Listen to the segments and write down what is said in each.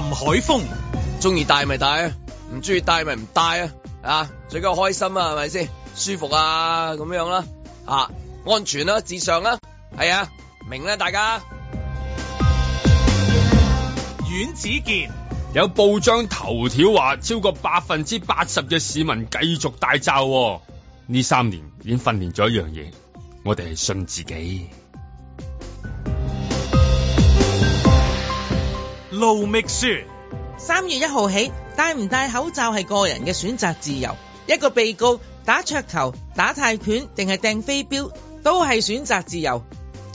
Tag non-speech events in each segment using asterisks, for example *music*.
林海峰中意戴咪戴啊，唔中意戴咪唔戴啊，啊，最緊要開心啊，係咪先？舒服啊，咁樣啦，啊，安全啦、啊，至上啦、啊，係啊，明啦、啊，大家。阮子健有報章頭條話，超過百分之八十嘅市民繼續戴罩。呢三年已經訓練咗一樣嘢，我哋係信自己。露秘書，三月一號起，戴唔戴口罩係個人嘅選擇自由。一個被告打桌球、打泰拳定係掟飛鏢，都係選擇自由。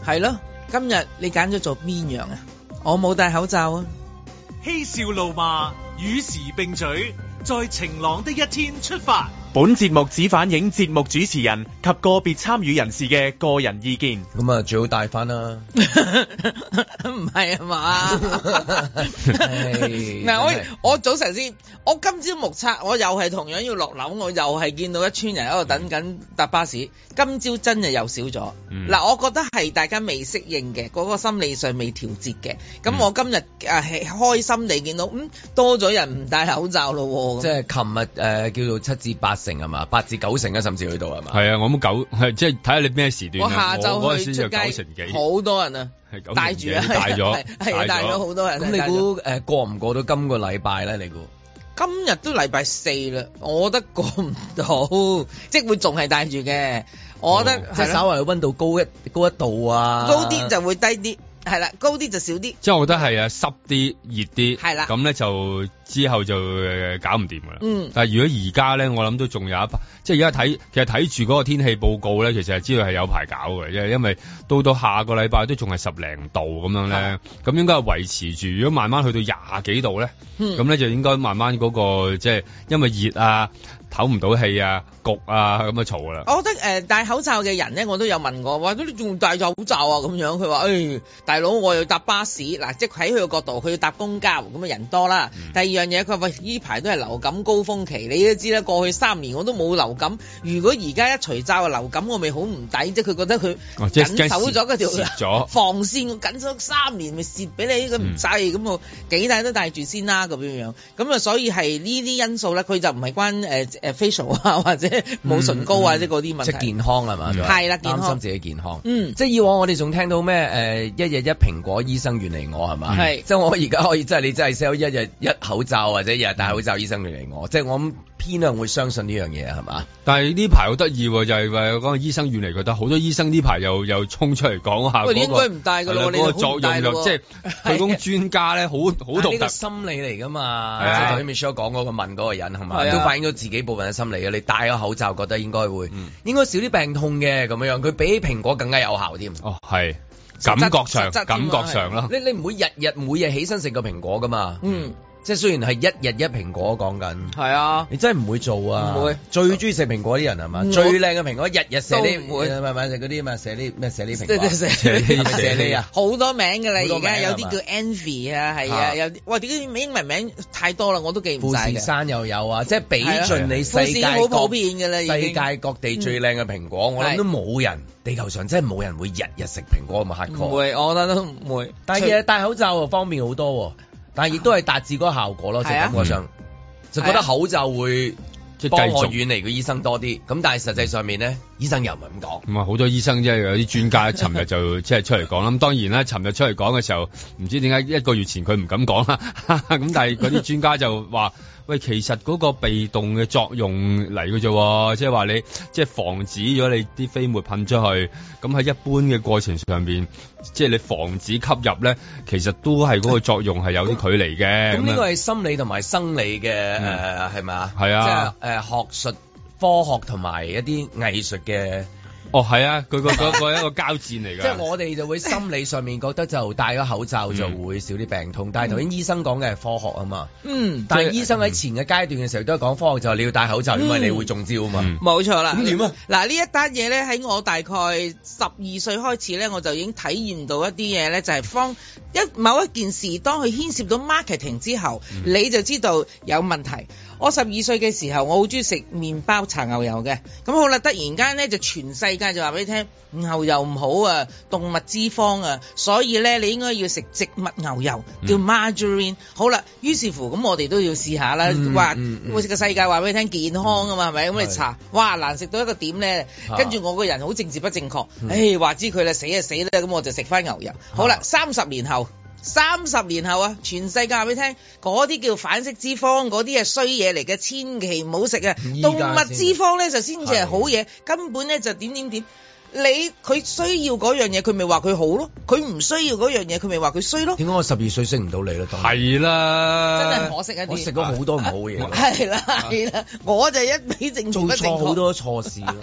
係咯，今日你揀咗做邊樣啊？我冇戴口罩啊！嬉笑怒罵，與時並舉，在晴朗的一天出發。本節目只反映節目主持人及個別參與人士嘅個人意見。咁啊，最好戴翻。啦，唔係啊嘛？嗱、 *laughs* *laughs* 哎， *laughs* 我我早晨先，我今朝目測，我又係同樣要落樓，我又係見到一村人喺度等緊搭巴士。嗯、今朝真係又少咗。嗱、嗯，我覺得係大家未適應嘅，嗰、那個心理上未調節嘅。咁我今日誒，係開心地見到，嗯，多咗人唔戴口罩咯。即係琴日誒，叫做七至八。成係嘛，八至九成啊，甚至去到係嘛？係啊，我諗九係即係睇下你咩時段。我下晝九成幾，去出街，好多人啊，戴住戴咗，戴咗好多人。咁你估誒、呃、過唔過到今個禮拜咧？你估？今日都禮拜四啦，我覺得過唔到，即係會仲係戴住嘅。我覺得即係、嗯就係、稍微溫度高一高一度啊，高啲就會低啲，係啦、啊，高啲就少啲。即係我覺得係啊，濕啲熱啲，係啦，咁咧就。之後就搞唔掂㗎啦。嗯，但係如果而家咧，我諗都仲有一排，即係而家睇，其實睇住嗰個天氣報告咧，其實係知道係有排搞嘅，因為因為到到下個禮拜都仲係十零度咁樣咧，咁、嗯、應該係維持住。如果慢慢去到廿幾度咧，咁、嗯、咧就應該慢慢嗰、那個即係因為熱啊，唞唔到氣啊，焗啊咁啊嘈啦。我覺得誒、呃、戴口罩嘅人咧，我都有問過，話你仲戴口罩啊？咁樣佢話誒，大佬我要搭巴士嗱，即係喺佢個角度，佢要搭公交咁啊人多啦。第、嗯、二。樣嘢佢喂，依排都係流感高峰期，你都知啦。過去三年我都冇流感，如果而家一除罩啊流感我，我咪好唔抵啫。佢覺得佢緊守咗嗰條防線，我、哦、緊咗三年咪蝕俾你，佢唔制咁我幾大都戴住先啦咁樣樣。咁啊，所以係呢啲因素咧，佢就唔係關誒誒、呃呃、facial 啊或者冇唇膏啊、嗯嗯、即嗰啲問題。即健康係嘛？係、嗯、啦，健康，自己健康。嗯、即係以往我哋仲聽到咩誒、呃、一日一蘋果，醫生遠離我係嘛？即係、嗯、我而家可以即係你真係 sell 一日一口罩或者日日戴口罩，醫生遠離我，嗯、即係我偏向會相信呢樣嘢，係嘛？但係呢排好得意，就係話講醫生遠嚟佢，但係好多醫生呢排又又衝出嚟講下、那個，哎、應該唔戴個腦作用力，即係提供專家咧，好好獨特心理嚟噶嘛？係啊，你咪上講嗰個問嗰個人係咪、啊？都反映咗自己部分嘅心理啊！你戴咗口罩，覺得應該會，嗯、應該少啲病痛嘅咁樣樣，佢比蘋果更加有效添。哦，係感覺上，啊、感覺上咯。你你唔會日日每日起身食個蘋果噶嘛？嗯。嗯即係雖然係一日一蘋果講緊，係啊，你真係唔會做啊，唔會最中意食蘋果啲人係嘛？最靚嘅蘋果日日食啲，買買食嗰啲啊，食啲咩，食呢？蘋果，食啲食啊，好多名㗎啦，而家有啲叫 Envy 啊，係啊，有啲哇英文名太多啦，我都記唔曬。富士山又有啊，係啊，即係比盡你世界好、啊、普遍㗎啦，世界各地最靚嘅蘋果，嗯、我諗都冇人係，地球上真係冇人會日日食蘋果咁黑確。唔會，我覺得都唔會，但係日日戴口罩方便好多喎、啊。但係亦都係達至嗰個效果咯，就感覺上就覺得口罩會幫我遠離個醫生多啲。咁、啊、但係實際上面咧，醫生又唔係咁講。咁啊，好多醫生即係有啲專家就出嚟講，尋日就即係出嚟講啦。咁當然啦，尋日出嚟講嘅時候，唔知點解一個月前佢唔敢講啦。咁 *laughs* 但係嗰啲專家就話。喂，其實嗰個被動嘅作用嚟嘅啫，即係話你即係、就是、防止咗你啲飛沫噴出去，咁喺一般嘅過程上面，即、就、係、是、你防止吸入咧，其實都係嗰個作用係有啲距離嘅。咁、嗯、呢個係心理同埋生理嘅誒，係、嗯、咪、呃、啊、就是，係、呃、啊，即係誒學術、科學同埋一啲藝術嘅。哦，係啊，佢個個一個交戰嚟噶。 *laughs* 即係我哋就會心理上面覺得就戴咗口罩就會少啲病痛，嗯、但係頭先醫生講嘅係科學啊嘛。嗯。但係醫生喺前嘅階段嘅時候都係講科學，就係你要戴口罩，嗯，因為你會中招啊嘛。冇錯啦。咁、嗯、點啊？嗱，呢一單嘢咧，喺我大概十二歲開始咧，我就已經體驗到一啲嘢咧，就係、是、方一某一件事，當佢牽涉到 marketing 之後、嗯，你就知道有問題。我十二歲嘅時候，我好中意食麵包搽牛油嘅。咁好啦，突然間呢，就全世界就話俾你聽牛油唔好啊，動物脂肪啊，所以呢，你應該要食植物牛油，嗯、叫 margarine。好啦，於是乎咁我哋都要試下啦。會食、嗯嗯、個世界話俾你聽健康啊嘛，係、嗯、咪？咁你搽，哇難食到一個點呢。啊、跟住我個人好政治不正確，誒、啊哎、話之佢啦，死就死啦，咁我就食翻牛油。啊、好啦，三十年後。三十年後啊，全世界話俾你聽，嗰啲叫反式脂肪，嗰啲係衰嘢嚟嘅，千祈唔好食啊！動物脂肪咧就先至係好嘢，根本咧就點點點。你佢需要嗰樣嘢，佢咪話佢好咯；佢唔需要嗰樣嘢，佢咪話佢衰咯。點解我十二歲識唔到你咧？係啦，真係可惜一啲我食咗好多唔好嘢。係啦係啦、啊，我就一比正常做錯好多錯事咯。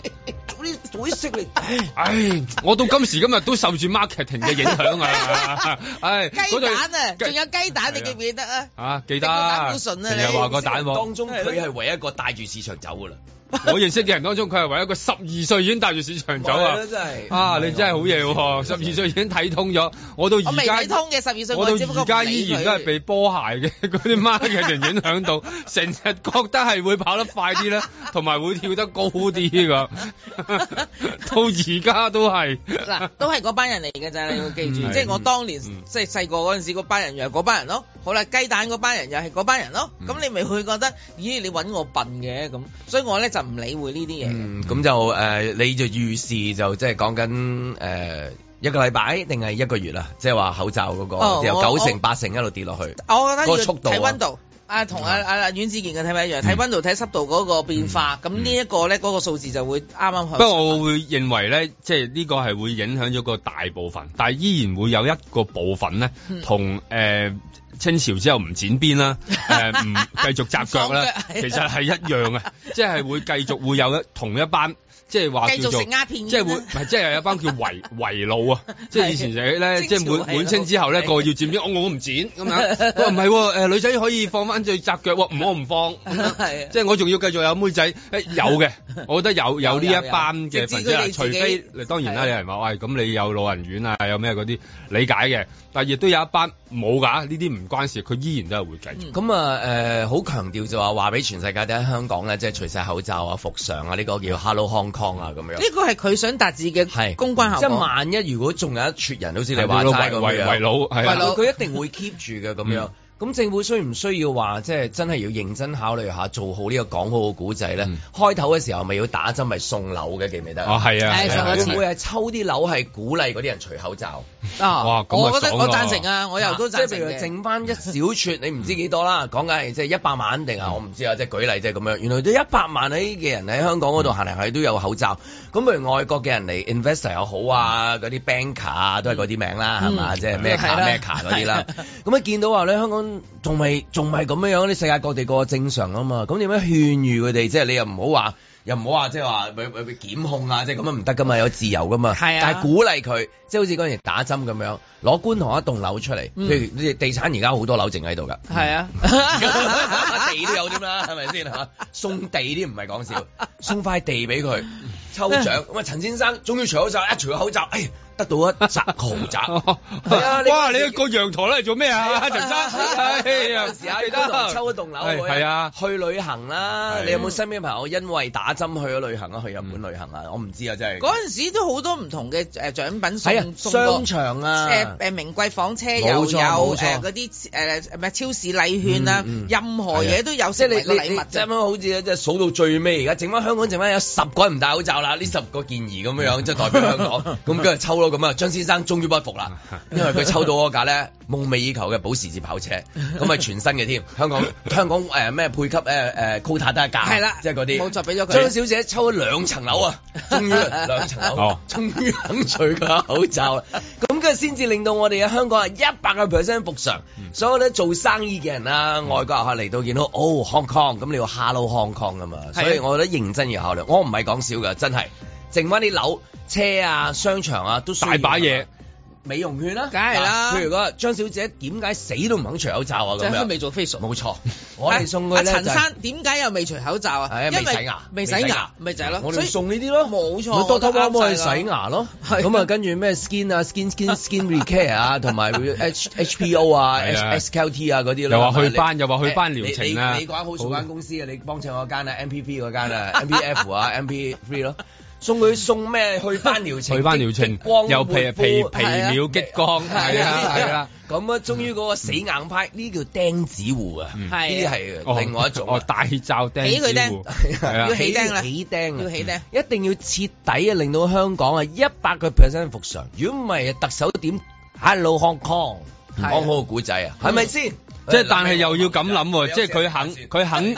做啲做啲識你。唉，我到今時今日都受住 marketing 嘅影響啊！唉、 *laughs* 哎，雞蛋啊，仲有雞蛋，啊、你記唔記得啊？啊，記得、啊。你又話個蛋當中佢係、啊、唯一一個帶住市場走噶啦。 *laughs* 我認識嘅人當中，佢係唯一個十二歲已經帶住市場走啊真！啊，你真係好嘢喎！十二歲已經睇通咗，我到而家未睇通嘅十二歲，我到而家依然都係被波鞋嘅嗰啲媽嘅人影響到，成 *laughs* 日覺得係會跑得快啲啦，同 *laughs* 埋會跳得高啲㗎。 *laughs* 到而家都係嗱， *laughs* 都係嗰班人嚟嘅咋，你要記住， *laughs* 即係我當年 *laughs* 即係細個嗰陣時嗰班人，又係嗰班人咯。好啦，雞蛋嗰班人又係嗰班人咯。咁 *laughs* 你咪會覺得，咦？你揾我笨嘅咁，所以我咧就。唔理會呢啲嘢，嗯，咁就誒、呃、你就預示就即係講緊誒一個禮拜定係一個月啦，即係話口罩嗰、嗰個、哦、就由九成八成一路跌落去，我，我覺得個速度、啊、溫度啊，同阿阿阮子健嘅睇法一樣，睇、嗯、溫度、睇濕度嗰個變化，咁、嗯嗯、呢一個咧，嗰、那個數字就會啱啱好。不過我會認為咧，即係呢個係會影響咗個大部分，但係依然會有一個部分咧，同誒、嗯呃、清朝之後唔剪邊啦，誒 *laughs* 唔、呃、繼續紮腳啦。 *laughs* 其實係一樣嘅，即 *laughs* 係會繼續會有一同一班。即係話繼續食鴉片，即係會，即係有一班叫圍路 *laughs* 啊！即係以前就日咧，即係滿，滿清之後咧，個要剪、哦，我我唔剪咁樣。 *laughs* 不過唔係喎，誒，女仔可以放翻最紮腳，唔好唔放。 *laughs* 即係我仲要繼續有妹仔、哎，有嘅，我覺得有有呢一班嘅羣組，除非當當然啦、啊，有人話喂，咁、哎、你有老人院啊，有咩嗰啲理解嘅，但係亦都有一班。冇噶，呢啲唔關事，佢依然都係會計。咁、嗯、啊，誒好、呃、強調就話，話俾全世界都喺香港咧，即係除晒口罩啊、服上啊，呢、呢個叫 Hello Hong Kong 啊，咁樣。呢個係佢想達至嘅公關效果。即係萬一如果仲有一撮人好似你話齋咁樣，圍老佢、啊、一定會 keep 住嘅咁樣。咁政府需唔需要話即係真係要認真考慮下做好呢個講好嘅古仔咧？開頭嘅時候咪要打針咪送樓嘅記唔記得？哦，係啊，係上、啊啊啊啊啊啊啊、會係抽啲樓係鼓勵嗰啲人除口罩、啊。我覺得我贊成啊，啊我又都即係、啊啊就是、譬如剩翻一小撮，你唔知幾多啦。講緊係即係一百萬定係我唔知啊，即係、嗯嗯、舉例即係咁樣。原來都一百萬呢嘅人喺香港嗰度行嚟行去都有口罩。咁譬如外國嘅人嚟 investor 又好啊，嗰啲 banker 啊都係嗰啲名啦，係、嗯、嘛？即係咩卡咩卡嗰啲啦。咁、就、你、是啊啊啊、見到話咧，香港。仲未仲未咁樣樣，啲世界各地各個正常啊嘛，咁點樣勸喻佢哋？即係你又唔好話，又唔好話，即係話咪咪檢控啊，即係咁樣唔得噶嘛，有自由噶嘛。係 *laughs* 啊，但係鼓勵佢，即係好似嗰陣時打針咁樣，攞觀塘一棟樓出嚟，嗯、譬如地產而家好多樓剩喺度噶。係啊、嗯， *laughs* 地都有添啦，係咪先吓？送地啲唔係講笑，送塊地俾佢抽獎。咁啊，陳先生終於除口罩，一除口罩，哎。得到一扎 *laughs* 豪宅、 *laughs* 啊你，哇！你個陽台攞嚟做咩啊？陳生，係啊，時啊，記得抽一棟樓，係啊，啊，啊，啊，啊，啊，啊，啊，去旅行啦！啊、你有冇身邊嘅朋友因為打針去咗旅行啊？啊去日本旅行啊？我唔知啊，真係嗰陣時都好多唔同嘅誒獎品送、啊、商場啊，誒、啊、名貴房車又有誒嗰啲誒超市禮券啊，嗯嗯、任何嘢都有禮物、啊，即、就、係、是、你你你即係好似即係數到最尾而家，整翻香港淨返有十個人唔戴口罩啦！呢 *laughs* 十個建議咁樣樣即係代表香港，咁跟住抽。咁啊，張先生終於不服啦，因為佢抽到嗰架咧，夢寐以求嘅保時捷跑車，咁 *laughs* 啊全新嘅添，香港香港誒咩、呃、配級誒誒高塔得價，係、呃、啦、呃呃，即係嗰啲。俾咗佢。張小姐抽咗兩層樓啊、哦，終於兩層樓、哦，終於肯除㗎口罩。咁跟先至令到我哋嘅香港係一百個 percent 復常、嗯，所有咧做生意嘅人啊，嗯、外國遊客嚟到見到哦 Hong Kong，咁你要 Hello Hong Kong 啊嘛，所以我覺得認真要考慮，我唔係講笑㗎，真係。剩翻啲樓、車啊、商場啊，都大把嘢。美容券、啊、啦，梗係啦。譬如講張小姐點解死都唔肯除口罩樣、 *laughs* 就是、啊？即係都未做 facial。冇錯，我哋送佢咧。陳生點解又未除口罩啊？係啊，未洗牙，未洗牙，咪就係咯。我哋送呢啲咯。冇錯，多多加多洗牙咯。咁啊，跟住咩 skin 啊、 *laughs* skin skin skin r e care 啊，同埋 h hpo 啊、 *laughs* h, h, s s k t 啊嗰啲又話去斑又話去斑療程啊。你你，你好熟間公司幫、MPF、啊，你幫襯我間啊 mpv 嗰間啊 mpf 啊 mp free 咯。送佢送咩去翻療程？去翻療程，皮秒激光又皮皮秒激光。係啊，係啦。咁啊，啊，啊，啊，啊，終於嗰個死硬派呢、嗯、叫釘子戶啊，呢啲係另外一種哦、啊、大罩釘子戶、 *laughs* 啊，要起釘啦，起釘，要起釘、嗯，一定要徹底啊，令到香港啊一百個 percent 復常。如果唔係，嗯、特首點 hello Hong Kong？講好個古仔啊，係咪先？嗯是。即係但係又要咁諗喎，即係佢肯佢肯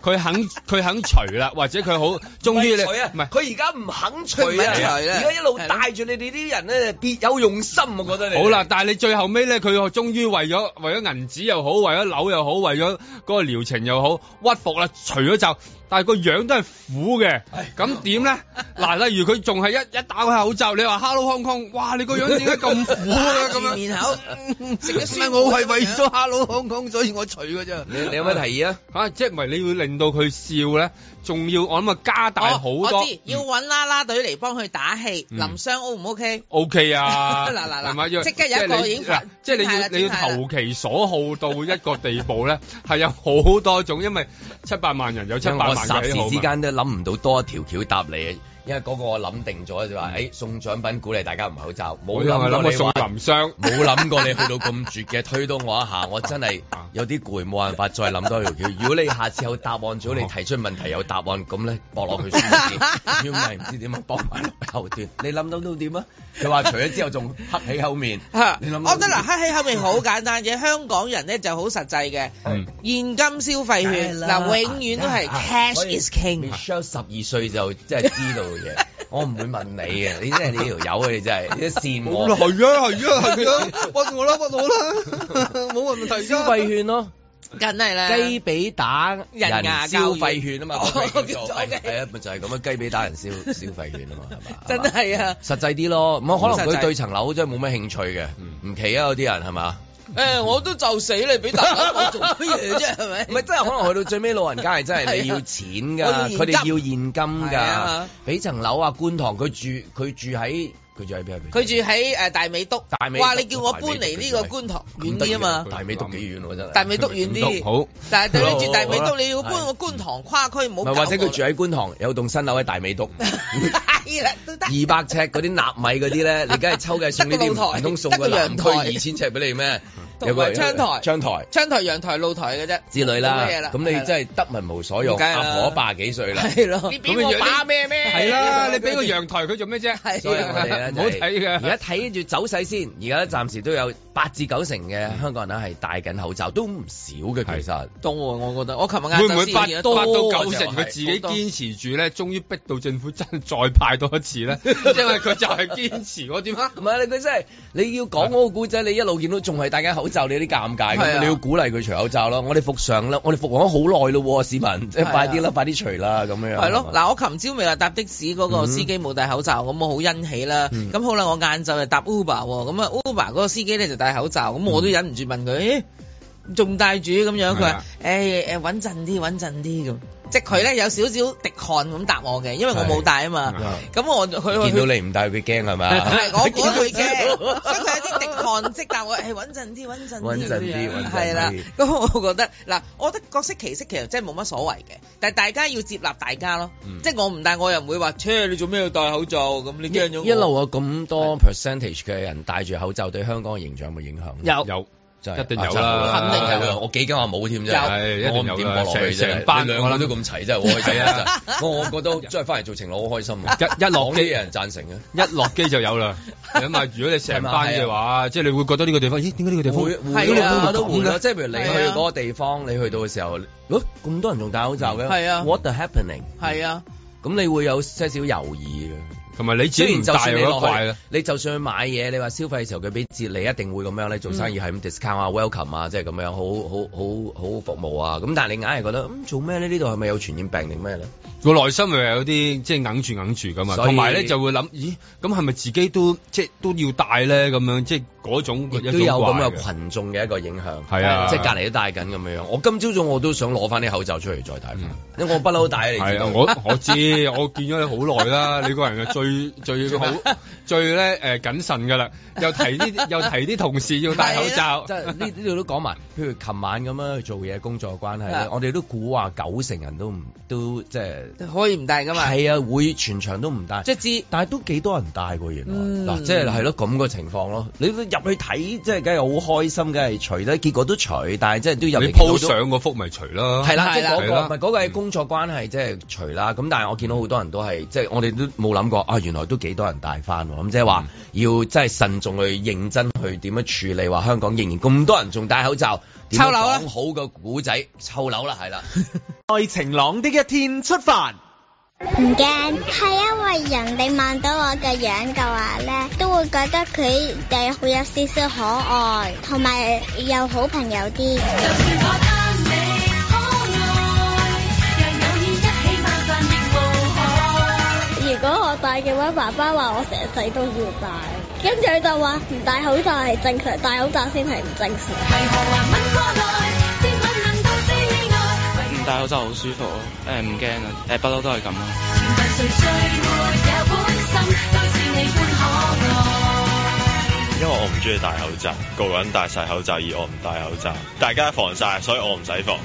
佢肯佢肯除啦，或者佢好終於咧，唔係佢而家唔肯除，而家一路帶住你哋啲人咧，別有用心，我覺得你。好啦，但係你最後尾咧，佢終於為咗為咗銀紙又好，為咗樓又好，為咗嗰個療程又好，屈服啦，除咗罩，但係個樣都係苦嘅。咁點咧？嗱，例如佢仲係一一戴個口罩，你話 Hello Hong Kong，哇！你個樣點解咁苦嘅咁樣？面口食咗酸。我係為咗 Hello Hong。公，所以我取㗎咋？你有咩提議啊？嚇，即係唔係你會令到佢笑咧？仲要我諗啊，加大好多，要揾啦啦隊嚟幫佢打氣。林雙 O 唔 O K？O K 啊！嗱嗱嗱，係咪要即刻有一個影？即係你要你要投其所好到一個地步咧，係有好多種，因為七百萬人有七百萬人好嘛。霎時之間都諗唔到多一條橋搭你。因為嗰個我諗定咗就話、是，誒、欸、送獎品鼓勵大家唔口罩，冇諗過、嗯、過送臨商，冇諗過你去到咁絕嘅推到我一下，我真係有啲攰，冇辦法再諗多條橋。如果你下次有答案咗，你提出問題有答案咁咧，搏落去先。原來唔知點樣搏埋頭端。你諗到都點啊？佢話除咗之後仲黑起後面，我覺得嗱黑起後面好簡單嘅，香港人咧就好實際嘅，現金消費券嗱、啊、永遠都係 cash、啊啊啊、is king、啊。你小十二歲就真係知道。 *laughs* 我唔會問你嘅，你真係 *laughs* 你條友你真係，你都羨慕。係啊係啊係啊，屈、啊啊啊、我啦屈我啦，冇問題消費券咯、哦，梗係啦。雞髀打人消費人人消費券啊嘛，係啊咪就係咁樣啊，雞髀打人消 *laughs* 消費券啊嘛，係嘛。真係啊。實際啲咯，咁可能佢對層樓真係冇咩興趣嘅，唔、嗯、奇啊有啲人係嘛。誒、欸，我都就死你，俾大家我做乜嘢啫？係 *laughs* 咪不是？唔係，真係可能去到最尾，老人家係真係你要錢㗎，佢 *laughs* 哋要現金㗎，俾層樓啊，觀塘佢住，佢住喺。佢住喺邊？佢住喺誒大美督。大美哇！你叫我搬嚟呢個觀塘，遠啲啊嘛。大美督幾遠真、啊、大美督遠啲。好。 *laughs* 但係對住大美督，你要搬去觀塘跨區唔好。好好好你搬或者佢住喺觀塘，有棟新樓喺大美督。二百尺嗰啲納米嗰啲咧， *laughs* 你梗係抽嘅送呢啲，唔通送得個陽台二千尺俾你咩？同、嗯、埋窗台、窗台、窗台、陽台、露台嘅啫。之類啦。咁你真係得民無所用，阿、啊、婆八幾歲啦。係咯。你邊個咩咩？係啦。俾個陽台佢做咩啫？係，唔好睇嘅。而家睇住走勢先。而家暫時都有八至九成嘅香港人咧，係戴緊口罩，都唔少嘅。其實多、啊、多、多，我覺得。我琴日晏。會唔會八八到九成？佢自己堅持住咧，終於逼到政府真係再派多一次咧。 *laughs* 因為佢就係堅持，我 *laughs* 點啊？唔係你佢真係你要講嗰個古仔，你一路見到仲係戴緊口罩，你有啲尷尬、啊、你要鼓勵佢除口罩咯。我哋服上啦，我哋服咗好耐咯，市民。即、啊啊、快啲、啊啊啊、啦，快啲除啦，咁樣。係咯，嗱，我琴朝未話搭的士嗰、那個。嗯司機冇戴口罩，咁我好欣喜啦。咁、嗯、好啦，我晏晝就搭 Uber，咁啊 Uber 嗰個司機咧就戴口罩，咁我都忍唔住問佢。嗯欸仲戴住咁樣，佢話誒誒穩陣啲，穩陣啲咁，即係佢咧有少少滴汗咁答我嘅，因為我冇戴啊嘛。咁我見到你唔戴，佢驚係嘛？唔 *laughs* 係我唔會驚，所以佢有啲滴汗即答我，但我係穩陣啲，穩陣啲，穩陣啲，係啦。咁我覺得嗱，我覺得各適其適其實真係冇乜所謂嘅，但係大家要接納大家咯。嗯、即係我唔戴，我又唔會話，切、呃、你做咩要戴口罩？咁你驚咗我？一路我咁多 percentage 嘅人戴住口罩，對香港嘅形象有冇影響？有有。就係、一定有啦，肯定係我幾間話冇添啫，我唔點落去成班兩個都咁齊，我真係、啊、 *laughs* 我，我覺得真開心啊！我我得都即係翻嚟做情樂好開心一落機有 *laughs* 人贊成一落機就有啦。咁 *laughs* 啊，如果你成班嘅話，即係你會覺得呢個地方，咦？點解呢個地方會？係會，會，會，會，會，你會都換會？即係譬如你去嗰個地方，你去到嘅時候，咁、啊、多人仲戴口罩嘅，係啊，What the happening？係啊，咁、啊、你會有些少猶豫嘅。同埋你自己唔戴你，你就算去買嘢，你話消費嘅時候佢俾折，你一定會咁樣咧。做生意係咁、嗯、discount 啊、welcome 啊，即係咁樣，好好好好服務啊。咁但係你硬係覺得，咁、嗯、做咩呢？呢度係咪有傳染病定咩咧？個內心咪有啲即係硬住硬住咁啊！同埋咧就會諗，咦？咁係咪自己都即係都要戴咧？咁樣即係。嗰種亦都有咁嘅群眾嘅一個影響，係啊，即係隔離都戴緊咁樣樣。我今朝早我都想攞翻啲口罩出嚟再戴、嗯。因為我不嬲戴嚟。我我知， *laughs* 我見咗你好耐啦。你個人係最最，最好最咧誒、呃、謹慎㗎啦，又提啲又提啲同事要戴口罩，即係呢度都講埋。譬如琴晚咁樣去做嘢工作，工作關係咧、啊，我哋都估話九成人都唔都即係可以唔戴㗎嘛。係啊，會全場都唔戴，即係知，但係都幾多人戴喎、嗯？原來嗱，即係係咯咁個情況咯。你入。去睇，即係梗係好開心嘅，係除咧，結果都除，但係即係都有你鋪上嗰幅咪除啦，係啦，即係嗰個，唔係係工作關係，即係除啦。咁、就是、但係我見到好多人都係、嗯，即係我哋都冇諗過，啊，原來都幾多人戴翻，咁即係話要真係慎重去認真去點樣處理。話香港仍然咁多人仲戴口罩，抽樓、啊啊、啦，好個古仔，抽樓啦，係啦，在晴朗的一天出發。唔驚，係因為人哋望到我嘅樣嘅話咧，都會覺得佢哋會有少少可愛，同埋有好朋友啲。如果我戴嘅話，爸爸話我成世都要戴，跟住佢就話唔戴口罩係正常，戴口罩先係唔正常。 *music* 戴口罩好舒服咯，唔驚啊，不嬲都係咁咯。因為我唔鍾意戴口罩，個人戴曬口罩，而我唔戴口罩，大家防曬，所以我唔使防。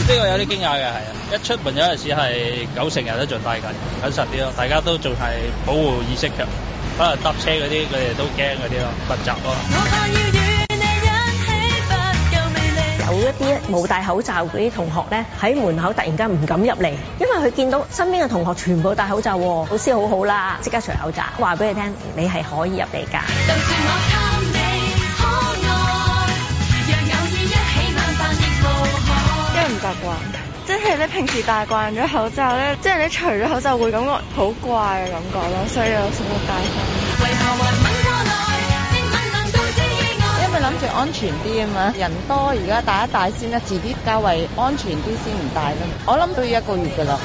呢個有啲驚訝嘅，係啊，一出門有陣時係九成人都仲戴緊，緊實啲囉。大家都仲係保護意識強，可能搭車嗰啲佢哋都驚嗰啲囉。密集囉。有一啲冇戴口罩嗰啲同學咧，喺門口突然間唔敢入嚟，因為佢見到身邊嘅同學全部戴口罩，老師好好啦，即刻除口罩，話俾你聽，你係可以入嚟㗎。因為唔習慣，即係咧平時戴慣咗口罩咧，即係你除咗口罩會感覺好怪嘅感覺咯，所以我先冇戴翻。佢諗住安全啲啊嘛，人多而家戴一戴先啦，遲啲較為安全啲先唔戴啦。我諗都要一個月噶啦。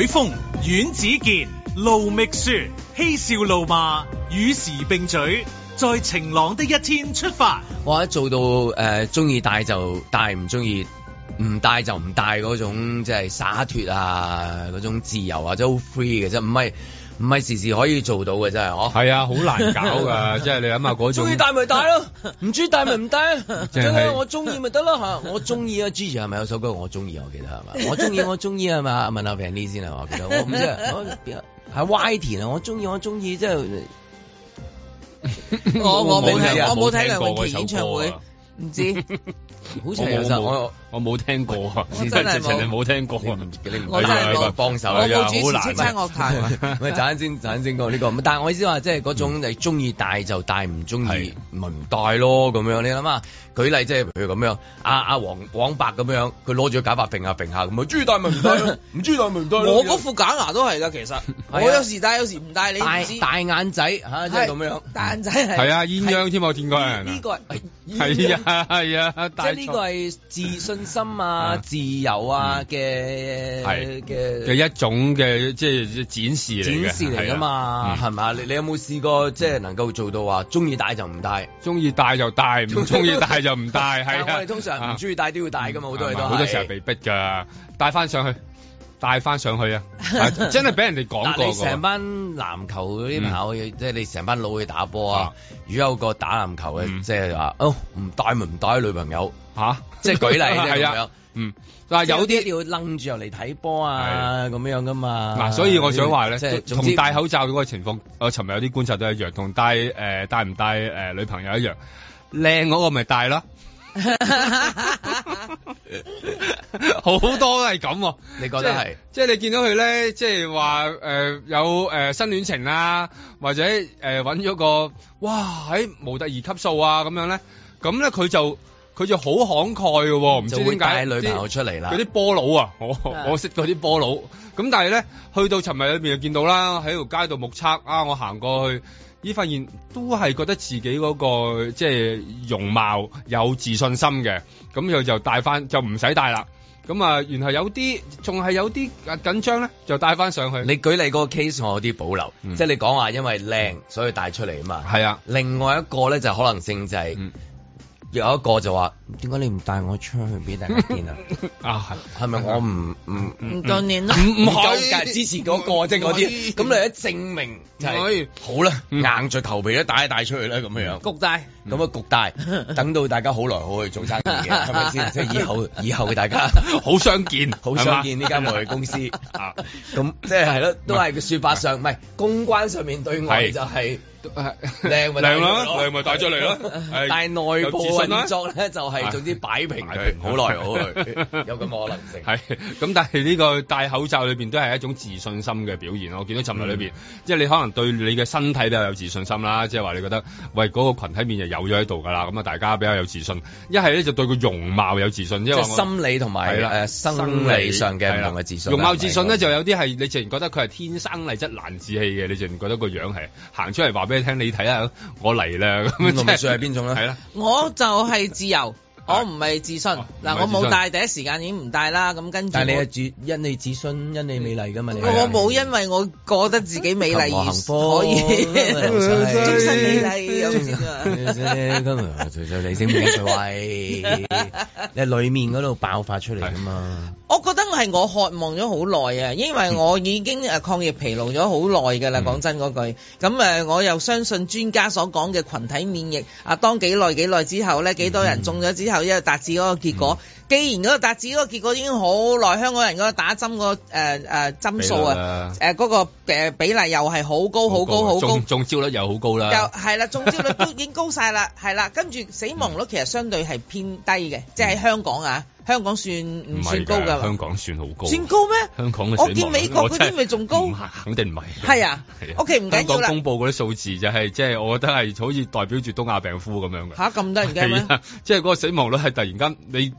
海風阮子健盧覓雪嬉笑怒罵與時並舉，在晴朗的一天出發。我一做到誒，中意帶就帶，唔中意唔帶就唔帶嗰種，即係灑脫啊，嗰種自由或者好 free 嘅啫，唔係。唔係時時可以做到嘅真係嗬，係 *laughs* 啊，好、啊、難搞㗎， *laughs* 即係你諗下嗰種。中意戴咪戴咯，唔中意戴咪唔戴啊。即係我中意咪得咯嚇，我中意啊。Gigi 係咪有首歌我中意我記得係嘛？我中意我中意係嘛？問下 Pandey 先啊，我記得係係 *laughs* 我唔知啊。Y 田啊，我中意 *laughs* 我中意，即係我我 *laughs* 我冇睇我冇睇梁詠琪演唱會。唔知， *laughs* 好似其實我有我冇聽過啊，真係冇冇聽過啊！我真係冇幫手啊，好難啊！咪揀先揀先講呢個。但係我意思話即係嗰種、嗯、你中意戴就戴，唔中意咪唔戴咯咁樣。你諗下。舉例即係譬如咁樣，阿阿黃廣白咁樣，佢攞住個假髮揈下揈下，唔中意戴咪唔、啊、戴咯、啊，唔中意戴咪唔戴。我嗰副假牙都係噶，其實 *laughs* 我有時戴，有時唔戴。 *laughs* 你大眼仔吓即係咁樣，大眼仔係啊，鴛鴦添啊，天光人。呢個係啊係啊，啊即係呢個係自信心啊、自由啊嘅嘅嘅一種嘅即係展示 *laughs* 展示嚟噶嘛，係咪、啊嗯？你你有冇試過即係能夠做到話中意戴就唔戴，中意戴就戴，唔中意戴？ *laughs* 又唔戴，係啊！我哋通常唔中意戴，都要戴噶嘛，好多嘢都好多時候被逼噶，帶翻上去，帶翻上去 *laughs* 啊！真係俾人哋講過。成、啊、班籃球嗰啲朋友，嗯、即係你成班佬去打波啊！如果有個打籃球嘅、嗯，即係話哦，唔帶咪唔帶女朋友吓、啊，即係舉例 *laughs* 啊，係、就、啊、是，嗯。但係有啲要楞住又嚟睇波啊，咁樣噶嘛。嗱、啊，所以我想話咧，同、就是、戴口罩嗰個情況，我尋日有啲觀察都係一樣，同戴誒、呃、戴唔戴誒女朋友一樣。靚嗰個咪大咯，好多都係咁，你覺得係？即係你見到佢咧，即係話誒有誒、呃、新戀情啊，或者誒搵咗個哇喺模、哎、特兒級數啊咁樣咧，咁咧佢就佢就好慷慨嘅、啊，唔知點解女朋友出嚟啦？嗰啲波佬啊，我 *laughs* 我識嗰啲波佬，咁但係咧去到尋日裏邊就見到啦，喺條街度目測啊，我行過去。你發現都係覺得自己嗰、那個即係容貌有自信心嘅，咁佢就帶翻，就唔使帶啦。咁啊，然後有啲仲係有啲緊張咧，就帶翻上去。你舉例嗰個 case，我有啲保留，嗯、即係你講話因為靚、嗯、所以帶出嚟啊嘛。係啊，另外一個咧就可能性就係。嗯有一個就話，點解你唔帶我出去俾大家見 *laughs* 啊？啊係，係咪我唔唔？近年咯，唔唔夠嘅支持嗰個即係嗰啲，咁、就是、你一證明就係、是、好啦、嗯，硬着頭皮咧帶一帶出去咧咁樣樣，焗帶，咁啊焗帶，等到大家好來好去做生意，係咪先？即、就、係、是、以後以後嘅大家 *laughs* 好相見，好相見呢間貿易公司 *laughs* 啊！咁、啊啊、即係係咯，都係個說法上唔係公關上面對外就係、是。誒，靚咪靚啦，靚咪帶出嚟啦。但係內部運作咧，就係總之擺平佢，好耐，好耐， *laughs* 有咁嘅可能性。係，咁但係呢個戴口罩裏邊都係一種自信心嘅表現。我見到浸入裏邊、嗯，即係你可能對你嘅身體都有自信心啦，即係話你覺得喂嗰、那個群體面就有咗喺度噶啦，咁啊大家比較有自信。一係咧就對個容貌有自信，即、就、係、是就是、心理同埋、呃、生理上嘅唔同嘅自信。容貌自信咧就有啲係你自然覺得佢係天生麗質難自棄嘅，你自然覺得個樣係行出嚟話.俾你聽，你睇下，我嚟啦咁，咩算係邊種咧？係啦、啊，我就係自由。 *laughs* 我唔係自信，嗱、啊、我冇戴，第一時間已經唔戴啦。咁跟住，但係你係因你自信，因你美麗噶嘛？你，我冇，因為我覺得自己美麗而、嗯、可以。你，幸福。自信美麗有時啊，啫，跟住隨隨你整，隨隨壞。係裡面嗰度爆發出嚟㗎嘛？我覺得係我渴望咗好耐啊，因為我已經誒抗疫疲勞咗好耐㗎啦。講真句，咁誒我又相信專家所講嘅群體免疫。啊，當幾耐幾耐之後咧，幾多人中咗？之後因為達至嗰個結果、嗯。既然嗰個達至嗰個結果已經好耐，香港人嗰個打針嗰個誒誒針數啊，誒嗰、呃嗰個比例又係好高好、啊、高好高，中招率又好高啦。又係啦、啊，中招率都已經高晒啦，係 *laughs* 啦、啊。跟住死亡率其實相對係偏低嘅、嗯，即係香港啊，香港算唔算高㗎？香港算好高、啊。算高咩？香港嘅我見美國嗰啲咪仲高？不肯定唔係。係啊，啊，OK，唔、啊 okay, 緊要啦。公布嗰啲數字就係即係我覺得係好似代表住東亞病夫咁樣嘅。吓、啊，咁多人間，即係嗰個死亡率係突然間你。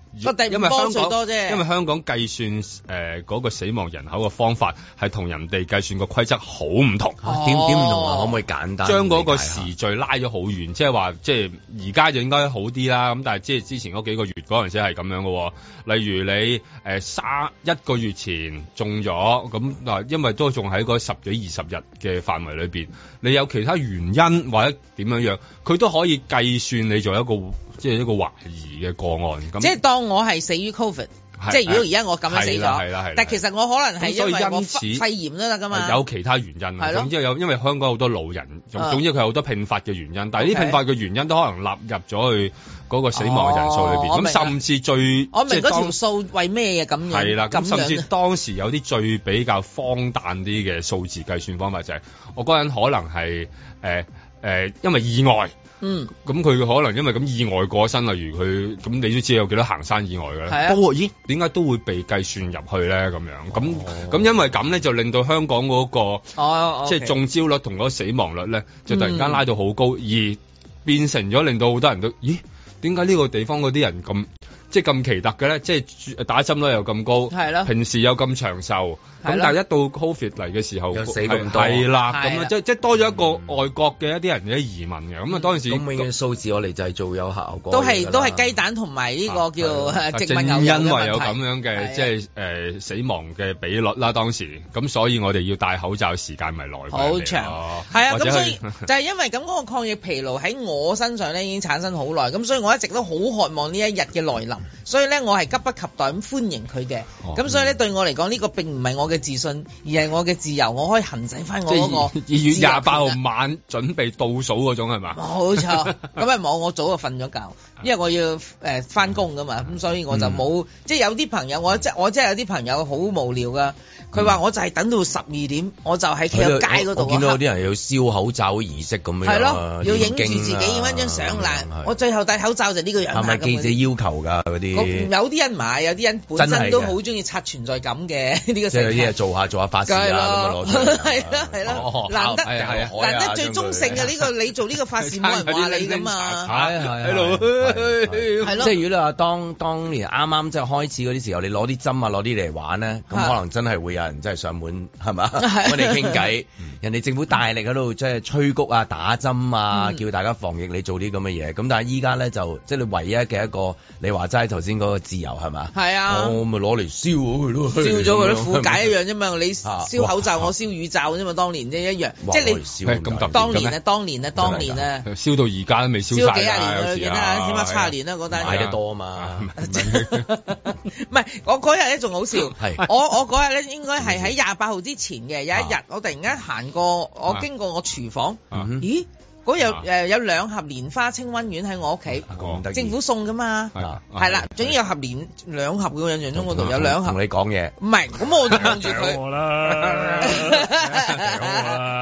因為香港，因為香港計算誒嗰、呃嗰個、死亡人口嘅方法係同人哋計算個規則好唔同。點點唔同啊？哦、可唔可以簡單？將嗰個時序拉咗好遠，即係話即係而家就應該好啲啦。咁但係即係之前嗰幾個月嗰陣時係咁樣嘅、喔。例如你誒三、呃、一個月前中咗，咁嗱因為都仲喺嗰十幾二十日嘅範圍裏邊，你有其他原因或者點樣樣，佢都可以計算你做一個。即係一個懷疑嘅個案，咁即係當我係死於 Covid，係即係如果而家我咁死咗，但其實我可能係因為肺炎啦，咁啊有其他原因，因啊，總之有因為香港好多老人，總之佢好多併發嘅原因，但係呢啲併發嘅原因都可能納入咗去嗰個死亡嘅人數裏邊，咁、哦、甚至最我明嗰、就是、條數為咩嘢咁樣，甚至當時有啲最比較荒誕啲嘅數字計算方法就係、係、我嗰人可能係誒誒因為意外。嗯，咁佢可能因為咁意外過身，例如佢咁，你都知道有幾多行山意外嘅喇，不過咦，點解都會被計算入去咧？咁樣咁咁，哦、因為咁咧，就令到香港嗰、嗰個即係、哦 okay 即係、中招率同個死亡率咧，就突然間拉到好高、嗯，而變成咗令到好多人都咦，點解呢個地方嗰啲人咁？即係咁奇特嘅咧，即係打針率又咁高，係咯。平時有咁長壽，咁但係一到 COVID 嚟嘅時候，又死咁多，係啦。咁啊，即即係多咗一個外國嘅一啲人嘅移民嘅，咁啊、嗯、當時。個、嗯、數字我哋就係做有效果都。都係都係雞蛋同埋呢個叫植物牛肉。因為有咁樣嘅即係誒、呃、死亡嘅比率啦，當時咁，所以我哋要戴口罩時間咪耐。好長。係啊，咁所以 *laughs* 就係因為咁嗰個抗疫疲勞喺我身上咧已經產生好耐，咁所以我一直都好渴望呢一日嘅來臨。所以咧，我係急不及待咁歡迎佢嘅。咁所以咧，對我嚟講，呢個並唔係我嘅自信，而係我嘅自由。我可以行使翻我嗰個。二月廿八號晚準備倒數嗰種係嘛？冇 *laughs* 錯。咁啊冇，我早就瞓咗覺。因為我要誒翻工噶嘛，咁、嗯、所以我就冇、嗯，即係有啲朋友，我即係我即有啲朋友好無聊噶，佢、嗯、話我就係等到十二點，我就係喺街嗰度。我我見到有啲人要燒口罩儀式咁樣，係咯，要影住自己影翻張相啦、嗯。我最後戴口罩就呢個樣。係咪記者要求㗎嗰啲？有啲人買，有啲人本身都好中意刷存在感嘅呢 *laughs* 個。即、就、係、是、做下做下法事啦，係啦係啦，難得、啊、難得最中性嘅呢個，你做呢個法事冇人話你㗎嘛。係 *laughs* 係。係 *laughs* 咯， *laughs* 即係如果你話當當年啱啱即係開始嗰啲時候，你攞啲針啊，攞啲嚟玩咧，咁可能真係會有人真係上門係嘛，我哋傾偈。 *laughs* *laughs* 聊天 *laughs* 人哋政府大力喺度即係催谷啊、打針啊、嗯，叫大家防疫，你做啲咁嘅嘢。咁但係依家咧就即係你唯一嘅一個，你話齋頭先嗰個自由係嘛？係啊，我咪攞嚟燒咗佢咯，燒咗佢啲苦解一樣啫嘛。 *laughs* 你燒口罩，我燒乳罩啫嘛。當年啫一樣，即係你、欸、當年啊，當年啊，當年啊，燒到而家都未燒晒啊，年啊啊幾年有 *laughs* 差年啦，嗰陣買得多啊嘛？唔 *laughs* 係，我嗰日咧仲好笑。係我我嗰日咧，應該係喺廿八號之前嘅有一日，我突然間行過，我經過我廚房，啊、咦？嗰日有、啊呃、有兩盒蓮花清瘟丸喺我屋企、啊，政府送噶嘛？係、啊、啦，係啦，總之有盒兩盒嘅，我印象中嗰度、啊、有兩盒。同你講嘢，唔係咁，我望住佢。 *laughs*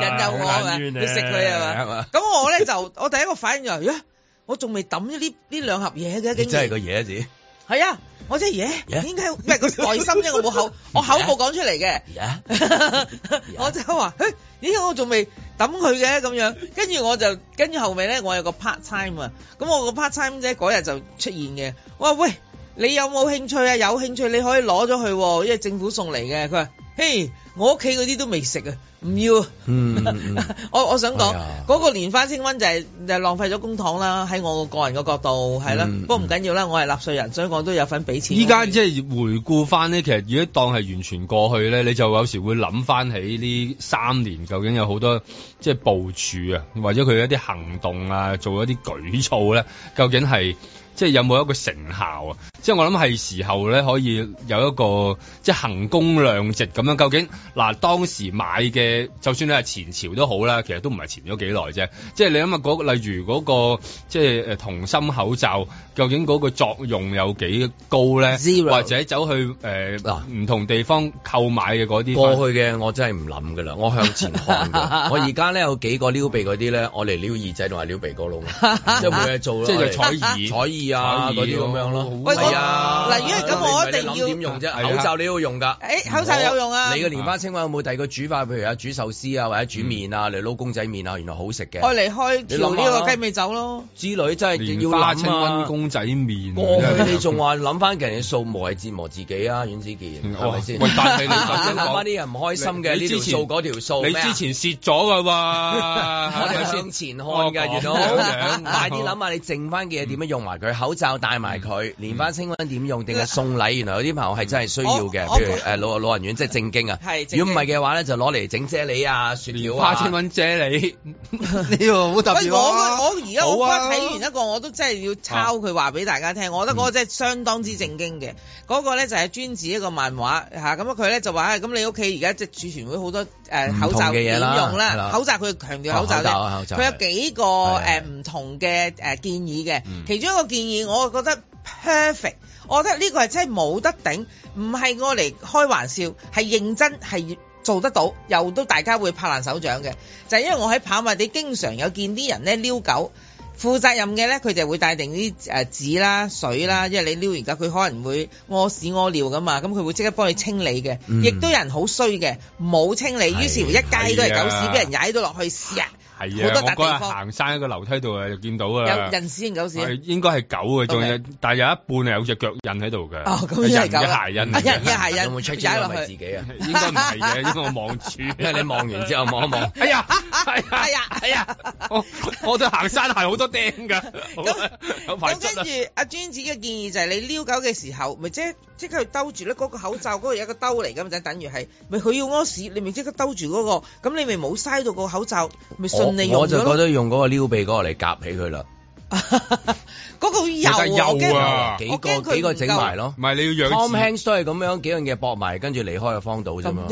人有我咪 *laughs* 要食佢係嘛？咁 *laughs* 我咧就我第一個反應就係、是。我仲未抌咗呢呢兩盒嘢嘅，竟真係個嘢字，係啊，我真係嘢，yeah? Yeah? 應該咩？佢內心啫？ *laughs* 我冇口，yeah? 我口冇講出嚟嘅，我就係話、欸，咦，我仲未抌佢嘅咁樣，跟住我就跟住後尾咧，我有個 part time 啊，咁我個 part time 啫嗰日就出現嘅，我話喂。你有冇興趣啊？有興趣你可以攞咗佢喎，因為政府送嚟嘅。佢話：嘿，我屋企嗰啲都未食啊，唔要。嗯嗯、 *laughs* 我我想講嗰、哎嗰個連花清瘟就係就浪費咗公帑啦。喺我個人嘅角度啦、嗯嗯、係啦，不過唔緊要啦，我係納稅人，所以我都有份俾錢。依家即係回顧翻呢，其實如果當係完全過去咧，你就有時會諗翻起呢三年究竟有好多即係部署啊，或者佢一啲行動啊，做一啲舉措咧，究竟係即係有冇一個成效啊？即係我諗係時候咧，可以有一個即係行功量值咁樣。究竟嗱，當時買嘅，就算你係前朝都好啦，其實都唔係前咗幾耐啫。即係你諗下嗰例如嗰、嗰個即係誒同心口罩，究竟嗰個作用有幾高咧？Zero. 或者走去誒嗱唔同地方購買嘅嗰啲過去嘅，我真係唔諗噶啦。我向前看㗎， *laughs* 我而家咧有幾個撩鼻嗰啲咧，我嚟撩耳仔同埋撩鼻哥窿 *laughs* 即係冇嘢做咯。即係就採耳、採耳啊嗰啲咁樣咯。啊啊嗱、啊啊啊，如果咁，我一定要用啫、啊啊？口罩你要用㗎、欸。口罩有用啊！你嘅蓮花清瘟有冇第二個煮法？譬如啊，如煮壽司啊，或者煮麵啊，嚟、嗯、撈公仔麵啊，原來好食嘅。我嚟開條呢、啊這個雞尾酒咯，之女真係要拉清瘟公仔麵。啊、過去你仲話諗翻其他人數磨係折磨自己啊？阮子健係先？喂，但你諗翻啲人唔開心嘅，呢條數嗰條數，你之前蝕咗㗎嘛？ *laughs* *laughs* 我算前看㗎， *laughs* 原來講。快啲諗下你剩翻嘅嘢點樣用埋佢？口罩戴埋佢，連翻。清瘟點用定係送禮？原來有啲朋友係真係需要嘅，譬、oh, okay. 如誒老老人院，即、就、係、是、正經啊。如果唔係嘅話咧，就攞嚟整啫喱啊、雪條啊、花清瘟啫喱。呢個好特別、啊。我我而家睇完一個，啊、我都真係要抄佢話俾大家聽、啊。我覺得嗰個真係相當之正經嘅。嗰、啊那個咧就係專治一個漫畫嚇。咁佢咧就話，咁你屋企而家即係儲存會好多誒口罩點用啦、啊？口罩佢強調口罩佢、啊、有幾個誒唔、啊、同嘅誒建議嘅、嗯。其中一個建議，我覺得。Perfect，我覺得呢個係真係冇得頂，唔係我嚟開玩笑，係認真係做得到，又都大家會拍爛手掌嘅。就係、是、因為我喺跑馬地經常有見啲人咧遛狗，負責任嘅咧佢就會帶定啲紙啦、水啦，因為你遛完狗佢可能會屙屎屙尿㗎嘛，咁佢會即刻幫你清理嘅。亦、嗯、都有人好衰嘅冇清理，於是乎一街都係狗屎，俾人踩到落去屎。係啊！我嗰日行山喺個樓梯度啊，就見到啊！有人屎定狗屎？應該係狗嘅，仲有，但係有一半係有隻腳印喺度嘅。哦，咁人嘅鞋印嚟嘅。人嘅鞋印。有冇出街？唔係自己啊。應該唔係嘅，應該我望住。因為你望完之後望一望。係啊！係啊！係啊！我我對行山鞋好多釘噶咁咁跟住阿娟子嘅建議就係你撩狗嘅時候，咪即即刻兜住咧，嗰個口罩嗰度有個兜嚟嘅嘛，就等於係咪佢要屙屎，你咪即刻兜住嗰個，咁你咪冇嘥到個口罩，咪順。我就覺得用嗰個撩鼻嗰個嚟夾起佢啦。嗰 *laughs* 個有啊，有，啊有啊，幾個幾個整埋咯，唔係你要養。Tom Hanks 都係咁樣幾樣嘢搏埋，跟住離開個荒島啫嘛。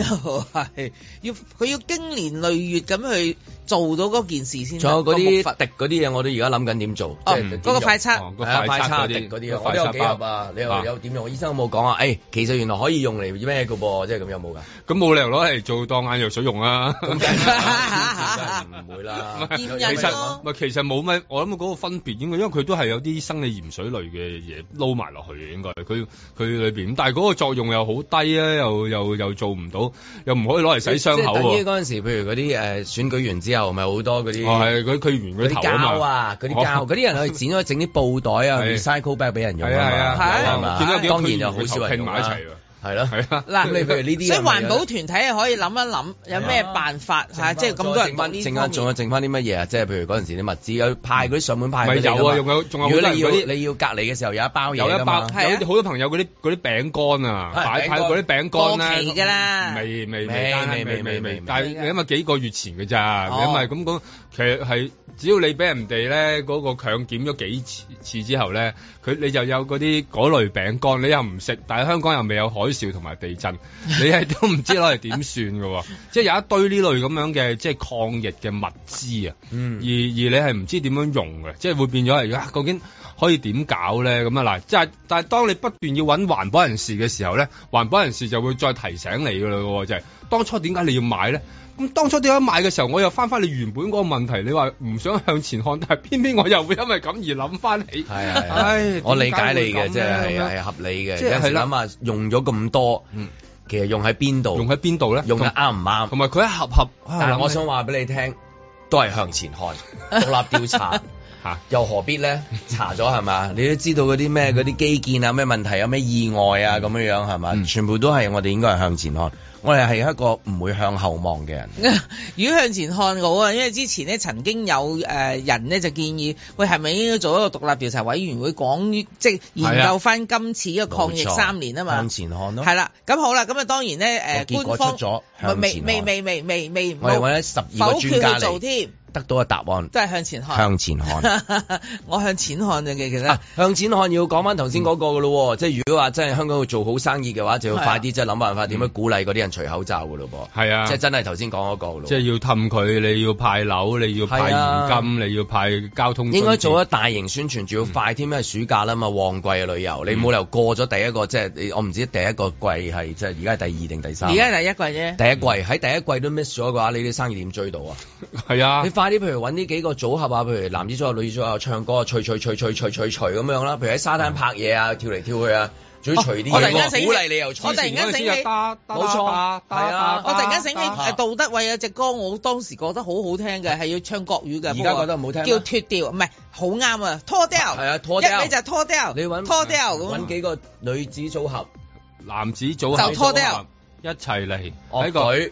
要 *laughs* 佢要經年累月咁去做到嗰件事先。仲有嗰啲滴嗰啲嘢，我都而家諗緊點做。哦，嗰個快測啲嗰啲，快啊？你又有點、啊、用？醫生有冇講啊？誒、哎，其實原來可以用嚟咩嘅噃？即係咁有冇㗎、啊？咁冇理由攞嚟做當眼藥水用啦、啊。唔 *laughs* *laughs* 當然 *laughs* 會啦。啊、其實冇咩，我諗個分。因為佢都係有啲生理鹽水類嘅嘢撈埋落去應該佢佢裏邊。但係嗰個作用又好低啊，又又又做唔到，又唔可以攞嚟洗傷口喎。即係嗰陣時，譬如嗰啲誒選舉完之後，咪好多嗰啲係佢佢完佢頭啊，嗰啲膠啊，嗰啲膠，嗰啲人去剪咗整啲布袋 *laughs* 啊，recycle back 俾人用啊嘛。係係係，當然就好少人用埋一齊。係咯、啊，係啦、啊。嗱，你譬如呢啲，所以環保團體可以諗一諗有咩辦法即係咁多。人剩仲有剩翻啲乜嘢啊？即譬、啊啊啊啊、如嗰時啲物資有、嗯、派嗰啲上門派。唔係有啊，仲有仲有。如果你要你要隔離嘅時候有一包有一包，好、啊、多朋友嗰啲嗰啲餅乾啊，擺、啊、派嗰啲餅乾啦。到期啦、啊，未未未但係你因為幾個月前㗎咋，你唔咁講。其實係只要你俾人哋咧嗰個強檢咗幾次之後咧，佢你就有嗰啲嗰類餅乾，你又唔食，但係香港又未有海少同埋地震，你係都唔知攞嚟點算嘅。 *laughs* 即係有一堆呢類咁樣嘅即係抗疫嘅物資啊，嗯，而而你係唔知點樣用嘅，即係會變咗係啊，究竟？可以點搞咧？咁啊，嗱，即係但係，當你不斷要揾環保人士嘅時候咧，環保人士就會再提醒你噶啦，就係當初點解你要買咧？咁當初點解買嘅時候，我又翻翻你原本嗰個問題，你話唔想向前看，但係偏偏我又會因為咁而諗翻起。係啊，唉，我理解你嘅、就是，即係係係合理嘅。即係諗下用咗咁多、嗯，其實用喺邊度？用喺邊度咧？用得啱唔啱？同埋佢一合合，但係我想話俾你聽，都係向前看，獨立調查。 *laughs* 又何必咧？查咗係嘛？你都知道嗰啲咩嗰啲基建啊咩問題啊有咩意外啊咁樣樣係嘛？全部都係我哋應該係向前看，我哋係一個唔會向後望嘅人。 *laughs* 如果向前看好啊，因為之前呢曾經有誒人呢，就建議，喂係咪應該做一個獨立調查委員會講，即研究翻今次嘅抗疫三年啊嘛。向前看咯、啊。係啦、啊，咁好啦，咁啊當然咧誒、啊，官方未未未未未未，我哋揾咗十二個專家做添。得到嘅答案即係、都係、向前看，向前看。 *laughs* 我向前看嘅，其實、啊、向前看要講翻頭先嗰個嘅咯、嗯，即係如果話真係香港要做好生意嘅話、嗯，就要快啲即係諗辦法點樣鼓勵嗰啲人除口罩嘅咯噃。係啊，即係真係頭先講嗰個咯。即係要氹佢，你要派樓，你要派現金、啊，你要派交通。應該做咗大型宣傳，仲要快添、嗯，因為暑假啦嘛，旺季嘅旅遊，你冇理由過咗第一個，嗯、即係我唔知第一個季係即係而家係第二定第三。而家係第一季啫。第一季喺、嗯、第一季都 miss 咗嘅話，你啲生意點追到啊？係啊，你快啲譬如揾呢幾個組合啊，譬如男子組合、defender，女子組合唱歌，啊，除除除除除除咁樣啦。譬如喺沙灘拍嘢啊，跳嚟跳去啊，仲要除啲。我突然間醒起，etzen，你又我、hey, si、突然間醒起，冇錯，係啊。我突然間醒起，誒，杜德偉有隻歌，我當時覺得好好聽嘅，係要唱國語嘅。而家覺得唔好聽。Taylor，叫脫掉，唔係好啱啊！脫掉，係啊，脫一咪就脫掉。你揾，脫掉，揾幾個女子組合、男子組合，就脫掉一齊嚟。睇佢。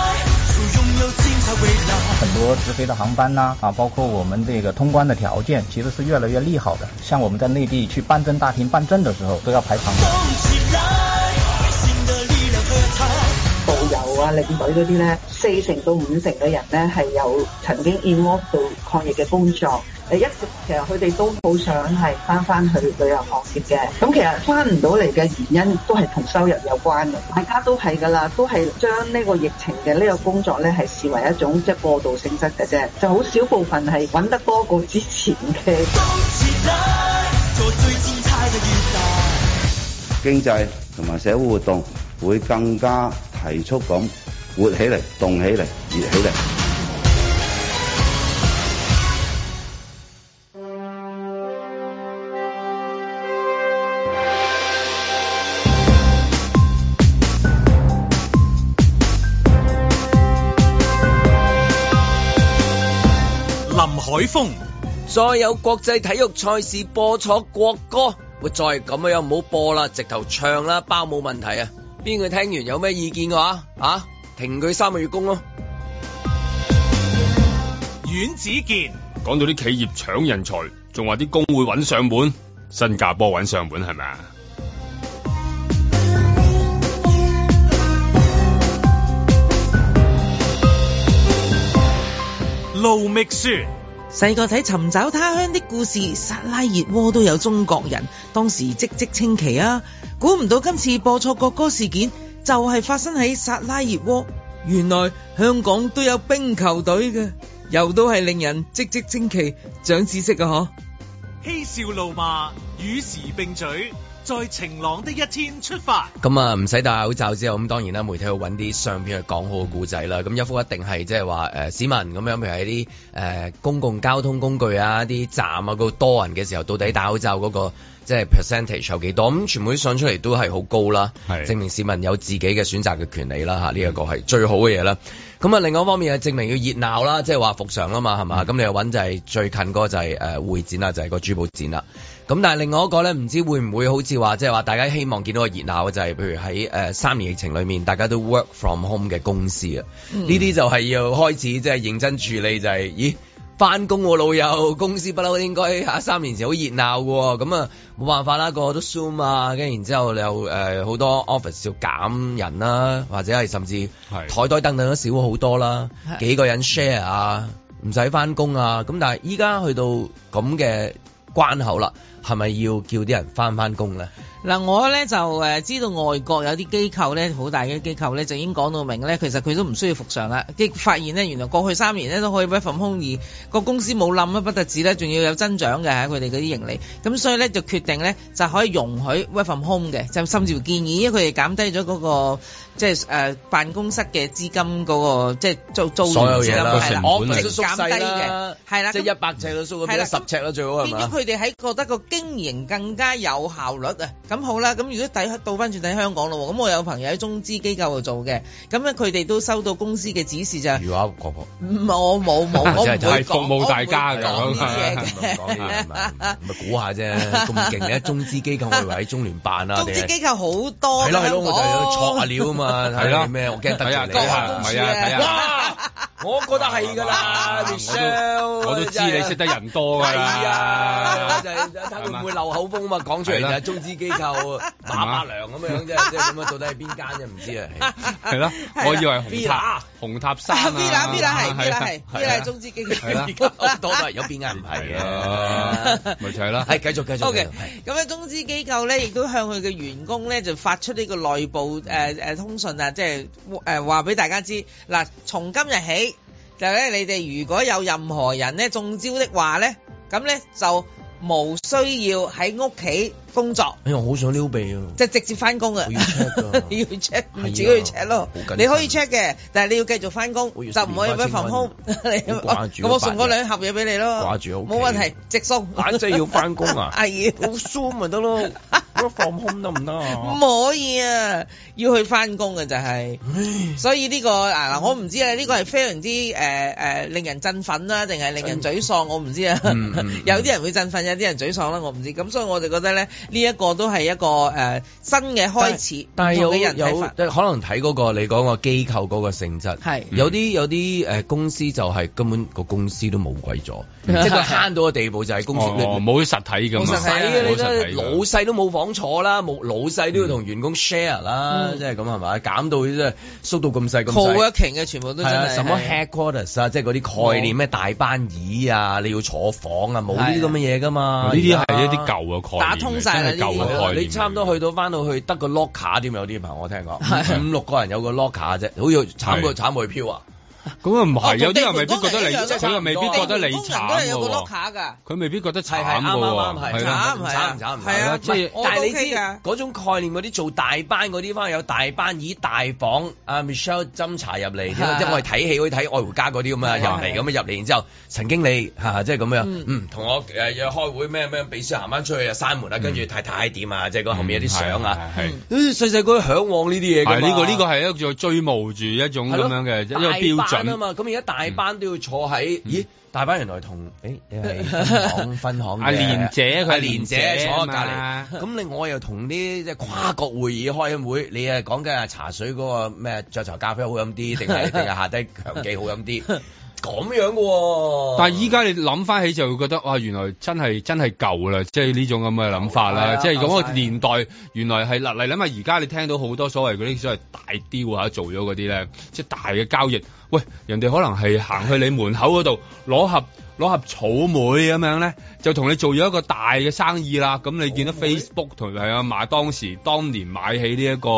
很多直飛的航班啊，啊，包括我們這個通關的條件，其實是越來越利好的。像我們在內地去辦證大廳辦證的時候，都要排長隊。導遊啊、領隊嗰啲呢，四成到五成嘅人呢，係有曾經 involved 到抗疫嘅工作。誒，一直其實佢哋都好想係翻返去旅遊行業嘅，咁其實翻唔到嚟嘅原因都係同收入有關嘅，大家都係㗎喇，都係將呢個疫情嘅呢個工作咧係視為一種即係過渡性質嘅啫，就好少部分係揾得多過之前嘅。經濟同埋社會活動會更加提速，咁活起嚟、動起嚟、熱起嚟。風，再有國際體育賽事播錯國歌，會再咁又唔好播啦，直頭唱啦，包冇問題啊。邊個聽完有咩意見嘅話，啊，停佢三個月工咯。阮子健，講到啲企業搶人才，仲話啲工會揾上門，新加坡揾上門，係咪啊？盧覓雪。細個睇《尋找他鄉》的故事，薩拉熱窩都有中國人，當時嘖嘖稱奇啊！估唔到今次播錯國歌事件就係、是，發生喺薩拉熱窩，原來香港都有冰球隊嘅，又都係令人嘖嘖稱奇、長知識啊。嗬，嬉笑怒罵，與時並舉。在晴朗的一天出發，咁唔使戴口罩之後，咁當然啦、啊，媒體會揾啲相片去講好個故仔啦。咁一幅一定係即係話市民咁樣，譬如喺啲誒公共交通工具啊、啲站啊嗰度、那個、多人嘅時候，到底戴口罩嗰、那個即係 percentage 有幾多？咁、嗯、全部啲相出嚟都係好高啦，證明市民有自己嘅選擇嘅權利啦嚇。呢、嗯、一、這個係最好嘅嘢啦。咁啊，另外一方面係證明要熱鬧啦，即係話復常啊嘛，係嘛？咁、嗯、你又揾就係最近嗰個就係誒會展啦、啊，就係、是、個珠寶展啦、啊。咁但係另外一個咧，唔知會唔會好似話，即係話大家希望見到個熱鬧就係、是，譬如喺、呃、三年疫情裏面，大家都 work from home 嘅公司啊，呢、嗯、啲就係要開始即係認真處理，就係、是、咦，返工喎老友，公司不嬲應該嚇三年前好熱鬧喎，咁啊冇辦法啦，個個都 Zoom 啊，跟住然後之後又誒好多 office 要減人啦、啊，或者係甚至枱枱櫈櫈都少好多啦，幾個人 share 啊，唔使返工啊，咁但係依家去到咁嘅關口啦。係咪要叫啲人翻返工咧？嗱，我咧就誒知道外國有啲機構咧，好大嘅機構咧，就已經講到明咧，其實佢都唔需要復常啦。既發現咧，原來過去三年咧都可以 work from home，二個公司冇冧啊，不得止咧，仲要有增長嘅喺佢哋嗰啲盈利。咁所以咧就決定咧就可以容許 work from home 嘅，就甚至乎建議，因為佢哋減低咗嗰個。即係誒、呃、辦公室嘅資金嗰、嗰個，即係租租。所有嘢啦，我直減低嘅，係啦，即係一百尺都縮咗，係啦，十尺啦最好變咗佢哋喺覺得個經營更加有效率啊！咁、嗯、好啦，咁如果抵到翻轉喺香港咯喎，咁我有朋友喺中資機構度做嘅，咁佢哋都收到公司嘅指示，就如果話唔係我冇冇，我唔係 *laughs* 服務大家講咁嘢嘅。咁咪？估下啫，咁勁嘅中資機構，我哋喺中聯辦啦，中資機構好多。我錯下料係咯？咩、啊？我驚突然嚟下唔係啊！下、啊啊啊、我覺得係㗎啦、啊、Michelle 我，我都知你、啊、識得人多㗎係啊，就睇、啊啊啊、會唔會漏口風啊嘛？講出嚟就係中資機構打馬良咁樣啫，即係咁樣到底係邊間啫？唔知啊，係咯、啊啊啊，我以為紅茶。紅塔山啊，係係係，係中資機構啦，有邊間唔係嘅？咪就係咯，係繼續繼續。OK，咁啊，中資機構咧亦都向佢嘅員工咧就發出呢個內部誒誒通訊啊，即係誒話俾大家知嗱，從今日起就係咧，你哋如果有任何人咧中招的話咧，咁咧就。冇需要喺屋企工作。哎呀，好想撩鼻啊！即直接翻工 *laughs* 啊！要 check 你要 check，自己去 check 咯。你可以 check 嘅，但係你要繼續翻工，就唔可以俾放空。 *laughs* 你咁我， *laughs* 我送嗰兩盒嘢俾你咯。掛住冇問題，啊，直送。真係要翻工啊？呀， *laughs* 好 soon 咪得咯。放空都唔得，唔可以啊，要去翻工嘅就係，所以呢個嗱，我唔知啊，呢個係非常之誒誒令人振奮啦，定係令人沮喪，我唔知啊。有啲人會振奮，有啲人沮喪啦。我唔知。咁所以我就覺得咧，呢、這個、一個都係一個誒新嘅開始。但係有人法有，有可能睇嗰、那個你講個機構嗰個性質，係有啲有啲誒、呃、公司就係、是、根本個公司都冇鬼咗， *laughs* 即係慳到嘅地步就係公司、哦、你冇啲、哦、實體咁啊！冇實體啊，老細都冇房。坐啦，冇老細都要同員工 share 啦，即係咁係咪？減、就是、到即係縮到咁細 c a l 一停嘅全部都係、啊、什麼 headquarters 啊，是啊即係嗰啲概念咩、嗯、大班椅啊，你要坐房啊，冇呢啲咁嘅嘢噶嘛，呢啲係一啲舊嘅概念，打通真係舊嘅，你差唔多去到翻到去得個 l o c k 卡 r 添，有啲朋友我聽講、啊，五六個人有個 l o c k 卡啫，好似慘過慘過票啊！咁啊唔係，有啲人未必覺得你，即係佢又未必覺得你慘喎。佢未必覺得慘喎。係、嗯、啊，唔係啊。即係，啊就是、但係你知嗰、啊、種概念，嗰啲做大班嗰啲，翻嚟有大班以大房阿、啊、Michelle 斟茶入嚟，即係我哋睇戲可以睇愛回家嗰啲咁啊入嚟，咁啊入嚟，然之後陳經理，即係咁樣，同我開開會咩咩，俾書行翻出去啊閂門啦，跟住太太點啊，即係個後面有啲相啊，細細個向往呢啲嘢係呢個呢個係一個叫做追慕住一種咁樣嘅一啊嘛，咁而家大班都要坐喺、嗯，咦？大班原來同、欸，你點講？分行 *laughs* 阿蓮姐，佢係蓮姐坐喺隔籬，咁另外又同啲即係跨國會議開開會，你誒講緊啊茶水嗰個咩雀巢咖啡好飲啲，定係定係下低強記好飲啲？ *laughs* 咁樣嘅喎、哦，但係依家你諗翻起就會覺得哇、啊，原來真係真係舊啦，即係呢種咁嘅諗法啦、啊，即係嗰個年代、啊、原來係嗱嚟諗下，而家你聽到好多所謂嗰啲所謂大啲啊做咗嗰啲咧，即係大嘅交易，喂，人哋可能係行去你門口嗰度攞盒攞盒草莓咁樣咧，就同你做咗一個大嘅生意啦。咁你見到 Facebook 同埋阿馬當時當年買起呢一個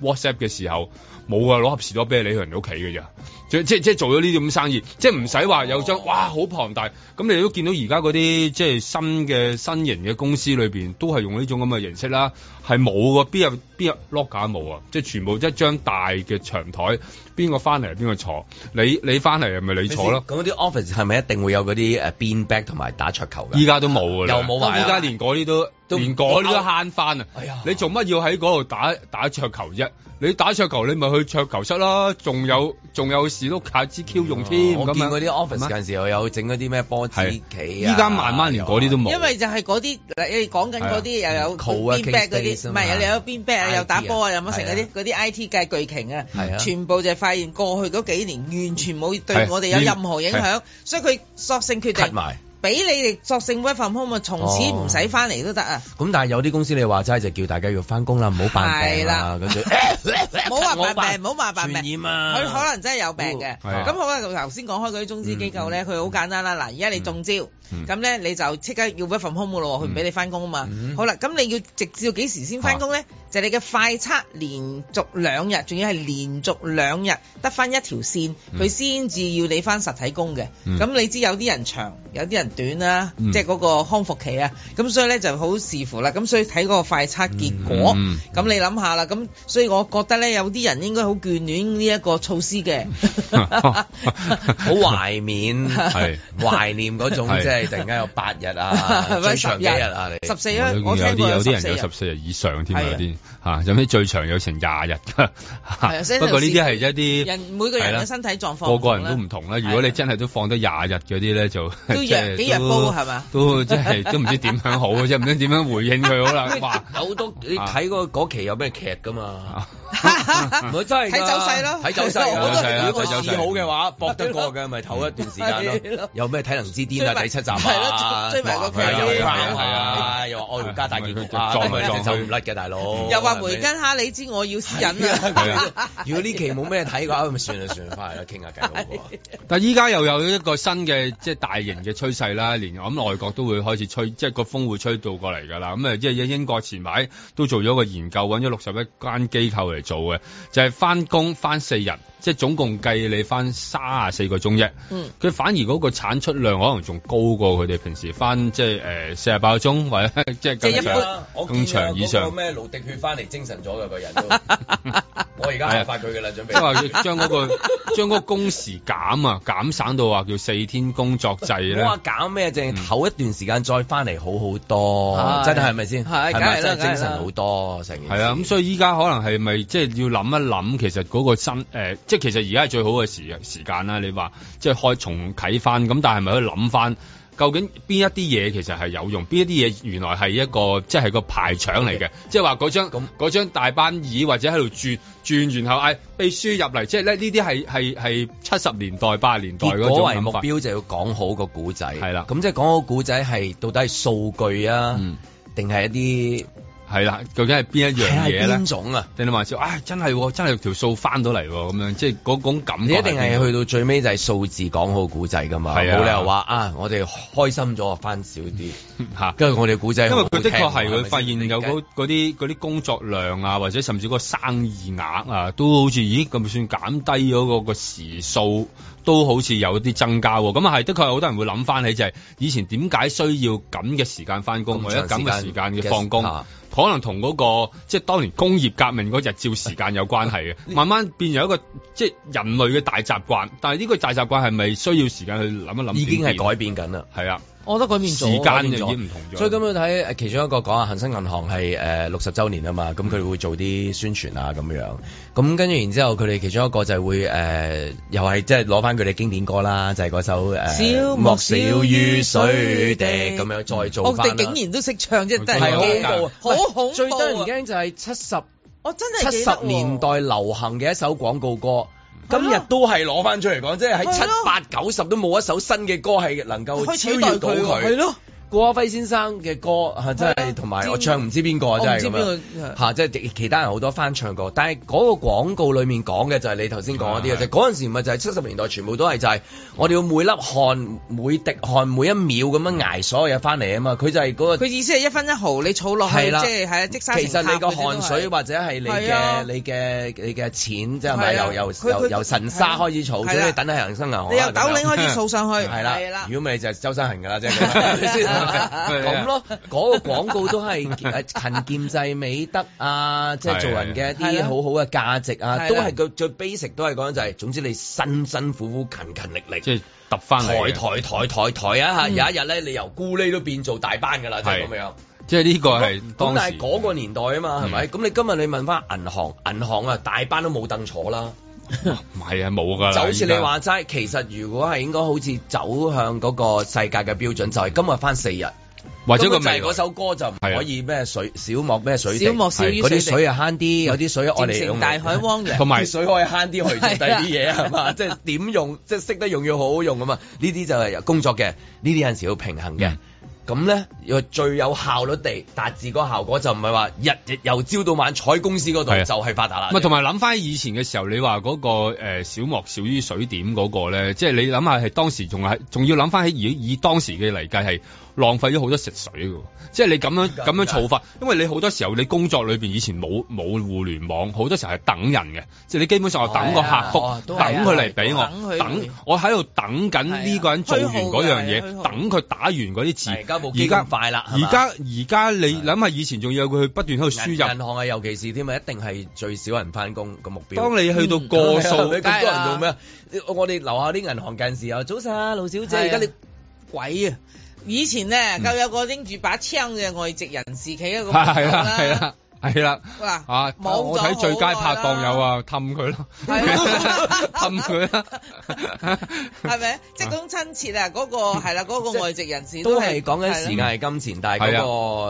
WhatsApp 嘅時候，冇啊攞盒士多啤梨去人哋屋企嘅咋。即即即做咗呢啲咁生意，即唔使話有張哇好龐大咁，你都見到而家嗰啲即新嘅新型嘅公司裏邊都係用呢種咁嘅形式啦，係冇個邊有邊有 lock 架冇啊！即全部一張大嘅長台，邊個翻嚟邊個坐。你你翻嚟係咪你坐咯？咁啲 office 係咪一定會有嗰啲誒 beanbag 同埋打桌球？依家都冇㗎啦，又冇埋。依家連嗰啲都都連嗰啲都慳翻啊！你做乜要喺嗰度打打桌球啫？你打桌球你咪去桌球室啦。仲有仲有。字碌卡 ZQ 用添、yeah，我見嗰啲 office 有陣時又有整嗰啲咩波子棋啊，依家慢慢連嗰啲都冇，因為就係嗰啲你講緊嗰啲又有邊 back 嗰啲，唔係有有邊 back 啊，又打波啊，那些啊有 back，啊又乜成嗰啲嗰啲 IT 界巨擎啊，啊，全部就係發現過去嗰幾年完全冇對我哋有任何影響，啊啊啊、所以佢索性決定。俾你哋作性 work from home 從此唔使翻嚟都得啊！咁、哦、但係有啲公司你話齋就叫大家要翻工啦，唔好扮病啦，咁就唔好話扮病，唔好話扮病，佢、啊、可能真係有病嘅。咁、哦、好啦，頭先講開嗰啲中資機構咧，佢、嗯、好、嗯、簡單啦。嗱、嗯，而家你中招。嗯咁、嗯、咧你就即刻要 work from home 咯，佢唔俾你翻工啊嘛。嗯、好啦，咁你要直至到幾時先翻工咧？就係、你嘅快測連續兩日，仲要係連續兩日得翻一條線，佢先至要你翻實體工嘅。咁、嗯、你知有啲人長，有啲人短啦、啊，即係嗰個康復期啊。咁所以咧就好視乎啦。咁所以睇嗰個快測結果，咁、嗯、你諗下啦。咁所以我覺得咧，有啲人應該好眷戀呢一個措施嘅，好懷念，懷念嗰種你 *laughs* 突然間有八日啊，最長幾日啊，你十四日，有啲有啲人有十四日以上添，有啲嚇，有咩最長有成廿日嘅、啊，係呀、 *laughs* 不過呢啲係一啲人每個人嘅身體狀況、啊，個個人都唔同啦、啊啊。如果你真係都放得廿日嗰啲咧，就都幾日煲係嘛，都即係、 *laughs* 即係、都唔、 *laughs* 即係、知點樣好嘅啫，唔 *laughs* 知點樣回應佢好啦。 *laughs* 哇，有好多你睇過嗰期有咩劇㗎嘛？ *laughs* 哈哈哈！睇走勢咯，睇走勢啦，走如果市好嘅話，搏得過嘅咪唞一段時間咯。有咩睇？體能之癲啊？第七集啊，追埋個劇。係啊，又話愛加大件走唔甩嘅大佬。又話梅根下、啊，你知我要私隱啊。啊啊 *laughs* 如果呢期冇咩睇嘅話，咪算啦算啦，翻嚟啦傾下偈咯。但係依家又有一個新嘅即係大型嘅趨勢啦，連我諗內國都會開始吹，即係個風會吹到過嚟㗎啦。咁啊，即係英國前排都做咗個研究，揾咗六十一間機構嚟。做嘅就係翻工翻四日。即係總共計你翻卅四個鐘啫，佢、嗯、反而嗰個產出量可能仲高過佢哋平時返，即係誒四十八個鐘或者即係更長更長以上。即我咩腦滴血返嚟，精神咗佢個人都。都 *laughs* 我而家係發佢嘅啦， *laughs* 準備即係話將嗰、那個 *laughs* 將嗰工時減啊，減省到話叫四天工作制呢。我話減咩，淨係唞一段時間再返嚟，好好多，哎、真係係咪先？係梗係啦，係係精神好多成件事。係啊，咁、嗯、所以依家可能係咪即係要諗一諗，其實嗰個新、呃即係其實而家係最好嘅時時間啦，你話即係開重啟翻咁，但係咪去諗翻究竟邊一啲嘢其實係有用，邊一啲嘢原來係一個即係個排場嚟嘅，即係話嗰張大班椅或者喺度轉轉，轉然後嗌秘書入嚟，即係咧呢啲係係係七十年代八十年代嗰種諗法，為目標就要講好個古仔。係啦，咁即係講好個古仔係到底係數據啊，定、嗯、係一啲？係啦，究竟係邊一樣嘢咧？邊種啊？聽到話笑，唉、哎，真係喎，真係條數翻到嚟喎，咁樣即係嗰種感覺一種。一定係去到最尾就係數字講好古仔㗎嘛？好，你又話啊，我哋開心咗返翻少啲嚇。跟住 *laughs* 我哋古仔，因為佢的確係佢發現有嗰啲嗰啲工作量啊，或者甚至個生意額啊，都好似咦咁算減低咗個個時數。都好似有啲增加喎，咁啊係，的確有好多人會諗翻起就係以前點解需要咁嘅時間翻工，或者咁嘅時間嘅放工，可能同嗰、嗰個即係當年工業革命嗰日照時間有關係嘅， *laughs* 慢慢變成一個即係人類嘅大習慣，但係呢個大習慣係咪需要時間去諗一諗？已經係改變緊啦，係啊。我覺得面唔同咗，所以咁樣睇。誒，其中一個講啊，恒生銀行係誒六十週年啊嘛，咁佢會做啲宣傳啊咁樣。咁跟住然之後，佢哋其中一個就係會誒、呃，又係即係攞翻佢哋經典歌啦，就係、是、嗰首誒莫少雨水滴、呃、咁、呃、樣再做翻我哋、嗯哦、竟然都識唱，即係係好恐怖。恐怖啊，最得人驚就係七十，我真係七十年代流行嘅一首廣告歌。今日都係攞翻出嚟講，即係喺七八九十都冇一首新嘅歌係能夠超越到佢。係咯。顧嘉煇先生嘅歌係真係同埋我唱唔知邊個啊，真係咁樣即係其他人好多翻唱過。但係嗰個廣告裡面講嘅就係你頭先講嗰啲啊，即係嗰陣時咪就係七十年代，全部都係就係我哋要每粒汗、每滴汗、每一秒咁樣捱所有嘢翻嚟啊嘛。佢就係嗰、那個佢意思係一分一毫你儲落去，是啊就是是啊、即係係積沙成塔其實你個汗水或者係你嘅、啊、你嘅你嘅錢，即係咪由由他他由，由神沙開始儲，所以、啊啊、等喺人生銀行。你由斗零開始儲上去，係啦、啊，如果咪就係周身痕㗎啦，即、就、係、是。 *laughs* 是啊 *laughs* 咁 *laughs* *laughs* 咯，嗰、那個廣告都係勤儉制美德啊，即、就、係、是、做人嘅一啲好好嘅價值啊，都係佢最 basic 都係講就係、是，總之你辛辛苦苦勤勤力力，即係揼翻嚟，抬抬抬抬抬啊！有一日咧，你由咕喱都變做大班噶啦，就係咁嘅樣即係呢個係當時咁但係嗰個年代啊嘛，係、嗯、咪？咁你今日你問翻銀行，銀行啊大班都冇凳坐啦。唔 *laughs* 係、哦、啊，冇㗎啦。就好似你話齋，其實如果係應該好似走向嗰個世界嘅標準，就係、是、今日返四日。或者佢就係嗰首歌就唔可以咩水、啊、水小莫咩水小莫小雨嗰啲水啊慳啲，有啲水我哋係大海、嗯、汪洋，啲 *laughs* 水可以慳啲去做第啲嘢啊嘛，即係點用，即係識得用要好好用啊嘛。呢啲就係工作嘅，呢啲有陣時要平衡嘅。嗯咁咧又最有效率地達至個效果，就唔係話日日由朝到晚坐喺公司嗰度就係發達啦。同埋諗翻以前嘅時候，你話嗰、嗰個、呃、小莫少於水點嗰個咧，即係你諗下係當時仲係仲要諗翻起以以當時嘅嚟計係。浪費咗好多食水喎，即係你咁樣咁樣做法，因為你好多時候你工作裏邊，以前冇冇互聯網，好多時候係等人嘅，即係你基本上我等個客服，啊、等佢嚟俾我，啊啊啊、等，等我喺度等緊呢個人做完嗰、啊啊、樣嘢，啊，等佢打完嗰啲字。而家冇機，而家快啦，而家而家你諗下、啊、以前仲要佢去不斷喺度輸入。銀行啊，尤其是添啊，一定係最少人翻工嘅目標。當你去到個數咁、嗯啊、多人做咩、啊、我我哋樓下啲銀行近時啊，早晨啊，盧小姐，而家、啊、你鬼啊！以前咧，就有個拎住把槍嘅外籍人士企喺嗰邊度啦。啊，係啦係啦。係啦，啊，冇我睇最佳拍檔有啊，氹佢咯，氹佢啦，係咪、啊？ *laughs* *laughs* *laughs* 即係咁親切啊，嗰個係啦，嗰個外籍人士都係講緊時間係金錢，嗯、但係嗰、嗰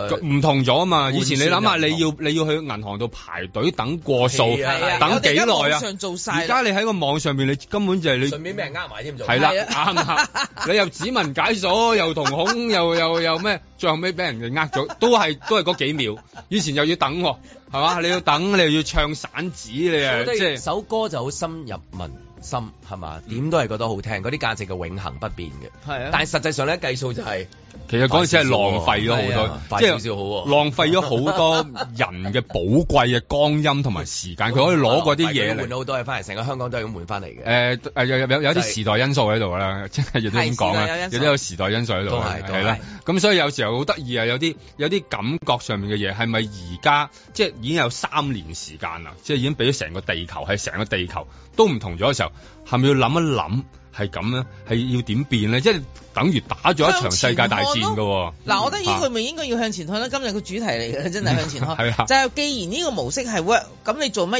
個唔、嗰個、同咗啊嘛。以前你諗下，你要你要去銀行度排隊等過數，等幾耐啊？而家你喺個網上面，你根本就係你順便咩呃埋添，做係啦，啱唔啱？ *laughs* 對了 *laughs* 你又指紋解鎖， *laughs* 又瞳孔，又又又咩？又最後尾俾人哋呃咗，都係都係嗰幾秒。以前又要等，係嘛？你要等，你又要唱散紙，你又，即係首歌就好深入民心，係嘛？點、嗯、都係覺得好聽，嗰啲價值就永恆不變嘅。係啊但，但係實際上咧計數就係、是。其實嗰陣時係浪費咗好多，即、就、係、是、浪費咗好多人嘅寶貴嘅光陰同埋時間。佢 *laughs* 可以攞嗰啲嘢嚟換好多嘢翻嚟，成個香港都係咁換翻嚟嘅。誒、欸、有有有啲時代因素喺度啦，即係亦都咁講啦，亦都有，有時代因素喺度啦，係啦。咁所以有時候好得意啊，有啲有啲感覺上面嘅嘢係咪而家即係已經有三年時間啦，即係已經俾咗成個地球係成個地球都唔同咗嘅時候，係咪要諗一諗？係咁咧，係要點變咧？即係等於打咗一場世界大戰噶、哦。嗱，我覺得呢句咪應該要向前看啦。今日個主題嚟嘅，真係向前看。 *laughs* 啊、就係既然呢個模式係 work，咁你做乜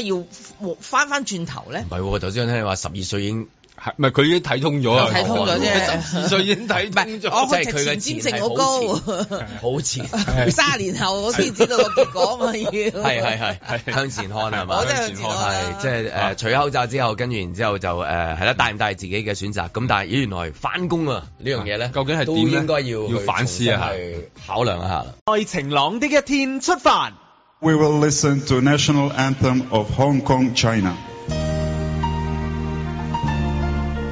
要翻翻轉頭咧？唔係、啊，頭先聽你話十二歲已經。係咪佢已經睇通咗啊？睇通咗啫。 *laughs* 所以已經睇通咗，即係佢嘅前瞻性好高，好前。卅 *laughs* *laughs* 英語 *laughs* *laughs* *laughs* *laughs* 年後我先知道結果嘛要。係係係係向前看係嘛？向前看係即係誒，除咗 我ト un checklist、就是呃、口罩之後，跟住然之後就誒係啦，戴唔戴自己嘅選擇。咁但係咦，原來翻工啊呢樣嘢咧，究竟係點應該要要反思啊，calculus 應 zus 去考量一下。在晴朗的一天出發。We will listen to national anthem of Hong Kong China.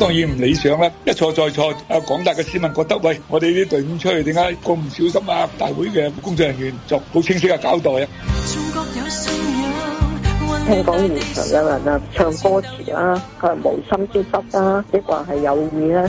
當然唔理想啦，一錯再錯。啊，廣大嘅市民覺得喂，我哋呢啲隊伍出去點解咁唔小心啊？大會嘅工作人員作好清晰嘅交代啊！聽講現場有人啊，唱歌詞啦，佢係無心之失啊，抑或係有意啊？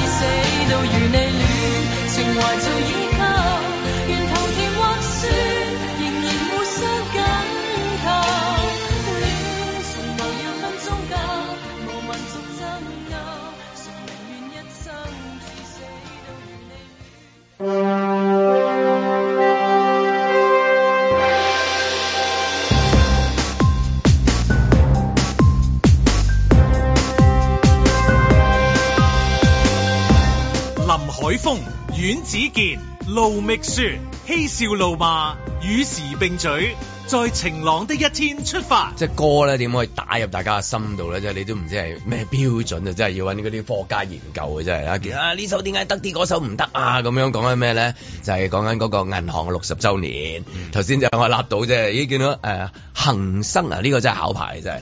到如你戀，情懷就已靠沿途甜或酸，仍然互相緊扣。戀，從無要分宗教，無民族爭拗，誰寧願一生至死都與你戀？海風遠阮子健盧覓雪，嬉笑怒罵與時並舉，在晴朗的一天出發。即係歌咧，點可以打入大家嘅心度咧？即係你都唔知係咩標準啊！真係要揾嗰啲科學家研究嘅，真係啊，呢首點解得啲？嗰首唔得啊？咁樣講緊咩咧？就係講緊嗰個銀行六十周年。頭先就我立到啫，已經見到誒恒生啊！呢個真係考牌真係。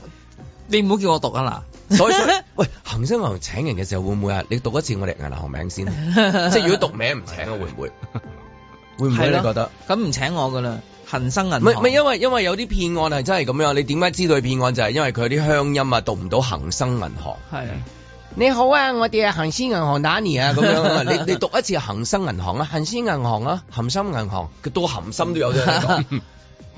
你唔好叫我讀啊嗱。所以咧，喂恆生銀行請人嘅時候會唔會啊？你讀一次我哋銀行名先， *laughs* 即係如果讀名唔請，會唔會？ *laughs* 會唔會、啊、你覺得？咁唔請我噶啦，恆生銀行。唔因為因為有啲騙案係真係咁樣，你點解知道佢騙案就係、是、因為佢啲鄉音啊？讀唔到恆生銀行。係 *laughs* 你好啊，我哋係恆生銀行打你啊，咁 *laughs* 樣。你你讀一次恆生銀行啦、啊，恆生銀行啦、啊，恆生銀行，佢都恆心都有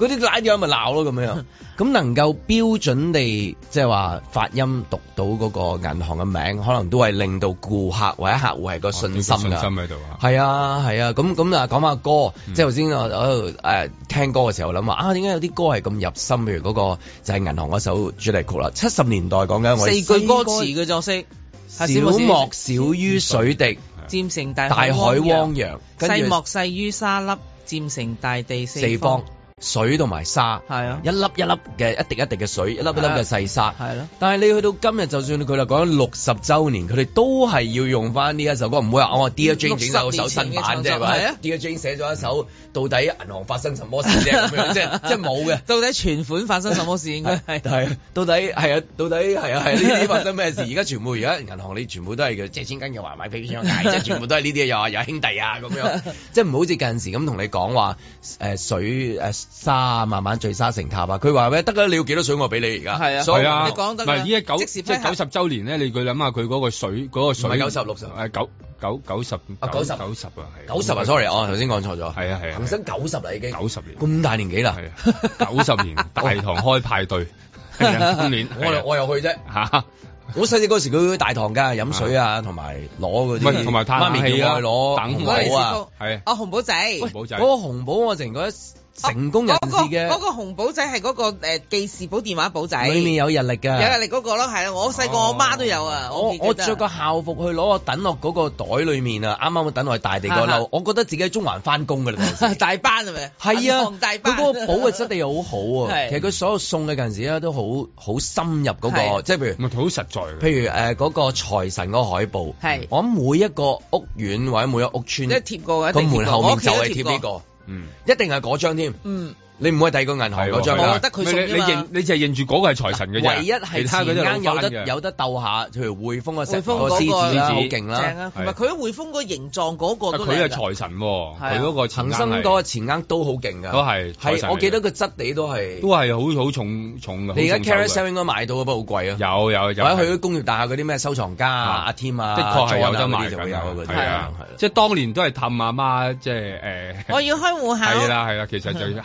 嗰啲瀨嘢咪鬧咯，咁樣，咁 *laughs* 能夠標準地即係話發音讀到嗰個銀行嘅名，可能都係令到顧客或者客戶係個信心、哦、信心喺度啊，係啊係啊，咁咁啊講下歌，嗯、即係頭先我喺度誒聽歌嘅時候諗話啊，點解有啲歌係咁入心？譬如嗰個就係銀行嗰首主題曲啦，七十年代講緊，四句歌詞嘅作啫，小莫小於水滴，漸成大大海汪、汪洋；細莫細於沙粒，漸成大地四方四方。水同埋沙，係啊，一粒一粒嘅一滴一滴嘅水，一粒一粒嘅細沙，係咯、啊啊。但係你去到今日，就算佢哋講咗六十周年，佢哋都係要用翻呢一首歌，唔會話我話 Dear Jane 整首新版啫，係咪 Dear Jane 寫咗一首、嗯、到底銀行發生什麼事啫，咁樣， *laughs* 即係冇嘅。到底存款發生什麼事？係係。到底係啊？到底係啊？係呢啲發生咩事？而 *laughs* 家全部而家銀行你全部都係嘅借錢跟住還埋俾即係全部都係呢啲，又話有兄弟啊咁樣， *laughs* 即係唔好似近時咁同你講話誒水誒。啊沙慢慢聚沙成塔啊。佢話咩得啦，你要幾多水我俾你而家。係啊，係啊。所以你講得。唔係依家九，即係九十週年咧，你佢諗下佢嗰個水嗰個水。唔係九十六十，係九九九十。啊九十。九十啊係。九十啊，sorry 我，頭先講錯咗。係啊係啊。騰升九十啦已經。九十年。咁大年紀啦。係啊。九十年大堂開派對，係啊，今年。我又我又去啫嚇。我細細嗰時佢大堂㗎，飲水啊，同埋攞嗰啲。唔係，同埋媽咪叫佢攞紅寶啊。係啊。啊紅寶仔，紅寶仔嗰個紅寶我成日覺得。成功人士嘅嗰、啊那個那個紅簿仔係嗰、那個誒記事簿電話簿仔，裏面有日曆㗎，有日曆嗰個咯，係啦。我細個我媽都有啊、哦。我我著個校服去攞我等落嗰個袋裏面啊，啱啱我等落去大地嗰度。是是是我覺得自己喺中環翻工㗎啦，是是 *laughs* 大班係咪？係啊，佢嗰個簿嘅質地好好啊。 *laughs* 其實佢所有送嘅陣時咧都好好深入嗰、那個，即係譬如，好實在。譬如誒嗰、呃那個財神嗰個海報，係我諗每一個屋苑或者每一個屋邨，即係貼過嘅，個門後面就係、是、貼呢個。嗯，一定係嗰張添。嗯。你唔會係第二個銀行，我覺得佢你認，你就認住嗰個係財神嘅，唯一係前額有得有得鬥下，譬如匯豐啊，成、啊、個獅子好勁啦，唔係佢匯豐個形狀嗰個。佢係財神、啊，佢嗰個前額都好勁噶。都係，我記得個質地都係，都係好好重重。重重你而家 Carousell 應該買到，不過好貴啊。有有有，或者去工業大廈嗰啲咩收藏家啊，添啊，啊就是、確的確係有得賣緊。係啊即係當年都係氹阿媽，即係誒，我要開戶口。係啦係啦，其實就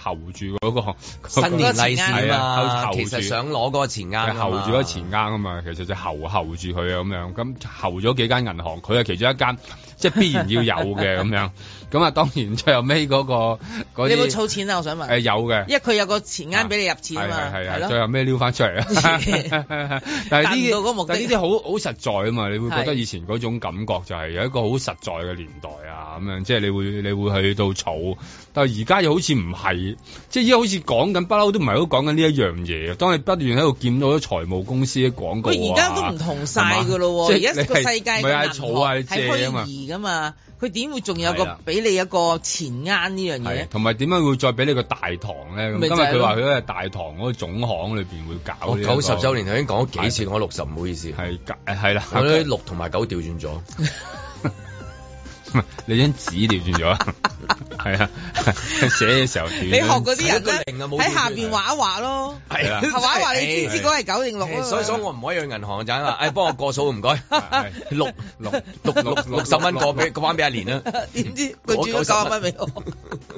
如果嗰、那個、那個、新年利是嘛，其實想攞嗰個錢罌，佢候住個錢罌啊嘛，其實就候候住佢啊咁樣。咁候咗幾間銀行，佢係其中一間，即、就、係、是、必然要有嘅咁 *laughs* 樣。咁啊，當然最後尾、那、嗰個嗰啲，你有冇儲錢啊？我想問。呃、有嘅，因為佢有個錢啱俾你入錢啊嘛，係係係最後尾撩返出嚟啊，但係呢個目的，但係呢啲好好實在啊嘛，你會覺得以前嗰種感覺就係有一個好實在嘅年代啊咁樣，嗯，即係你會你會去到儲，但係而家又好似唔係，即係依家好似講緊不嬲都唔係好講緊呢一樣嘢。當你不斷喺度見到啲財務公司嘅廣告，啊，喂，而家都唔同曬㗎喇喎！而家個世界係儲係借啊嘛。佢點會仲有一個俾你一個前啱呢樣嘢？同埋點解會再俾你一個大堂咧？因為佢話佢喺大堂嗰個總行裏邊會搞、這個。九十周年他已經講咗幾次，我六十，唔好意思。係搞啦，我啲六同埋九調轉咗， *laughs* *laughs* 你張紙調轉咗。 *laughs* 係 *laughs* 啊，寫嘅時候你學嗰啲人喺下邊畫一畫咯，係啦，畫一畫你知唔知嗰係九定六？所以所以我唔可以去銀行就係話，哎，幫 *laughs* 我過數唔該，六六六六六十蚊過俾過翻俾阿蓮啦，點知佢轉三十蚊俾我？ *laughs*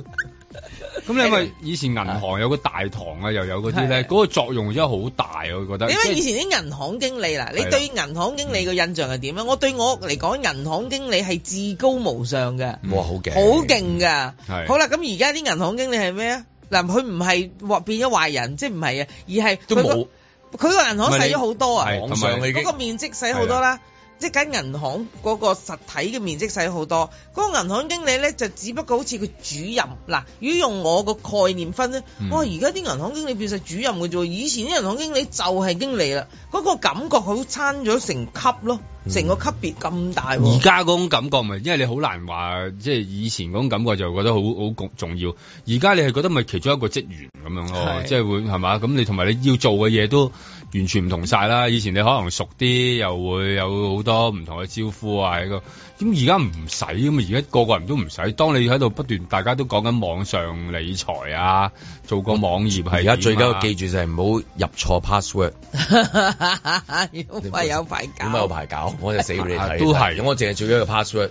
咁你為以前銀行有個大堂啊，又有嗰啲咧，嗰、那個作用真係好大啊！我覺得因為以前啲銀行經理啦，你對銀行經理個印象係點樣、嗯？我對我嚟講，銀行經理係至高無上嘅、嗯，哇，好勁、嗯，好勁㗎！好啦，咁而家啲銀行經理係咩啊？嗱，佢唔係變咗壞人，即係唔係啊？而係、那個、都冇佢個銀行細咗好多啊，網上已經嗰個面積細好多啦、啊。即係銀行嗰個實體嘅面積細好多，嗰、那個銀行經理咧就只不過好似佢主任。嗱，如果用我個概念分咧，哇、嗯！而家啲銀行經理變成主任嘅啫，以前啲銀行經理就係經理啦。嗰、那個感覺好差咗成級咯，成、嗯、個級別咁大、哦。而家嗰種感覺咪，因為你好難話，即係以前嗰種感覺就覺得好好重要。而家你係覺得咪其中一個職員咁樣咯，即係、就是、會係嘛？咁你同埋你要做嘅嘢都。完全唔同晒啦！以前你可能熟啲，又會有好多唔同嘅招呼啊喺個。咁而家唔使咁嘛？而家個個人都唔使。當你喺度不斷，大家都講緊網上理財啊，做個網頁係、啊。而家最緊要記住就係唔好入錯 password。咁咪有排搞？咁咪有排搞？我就死俾你睇。 *laughs* 都係，我淨係做咗一個 password。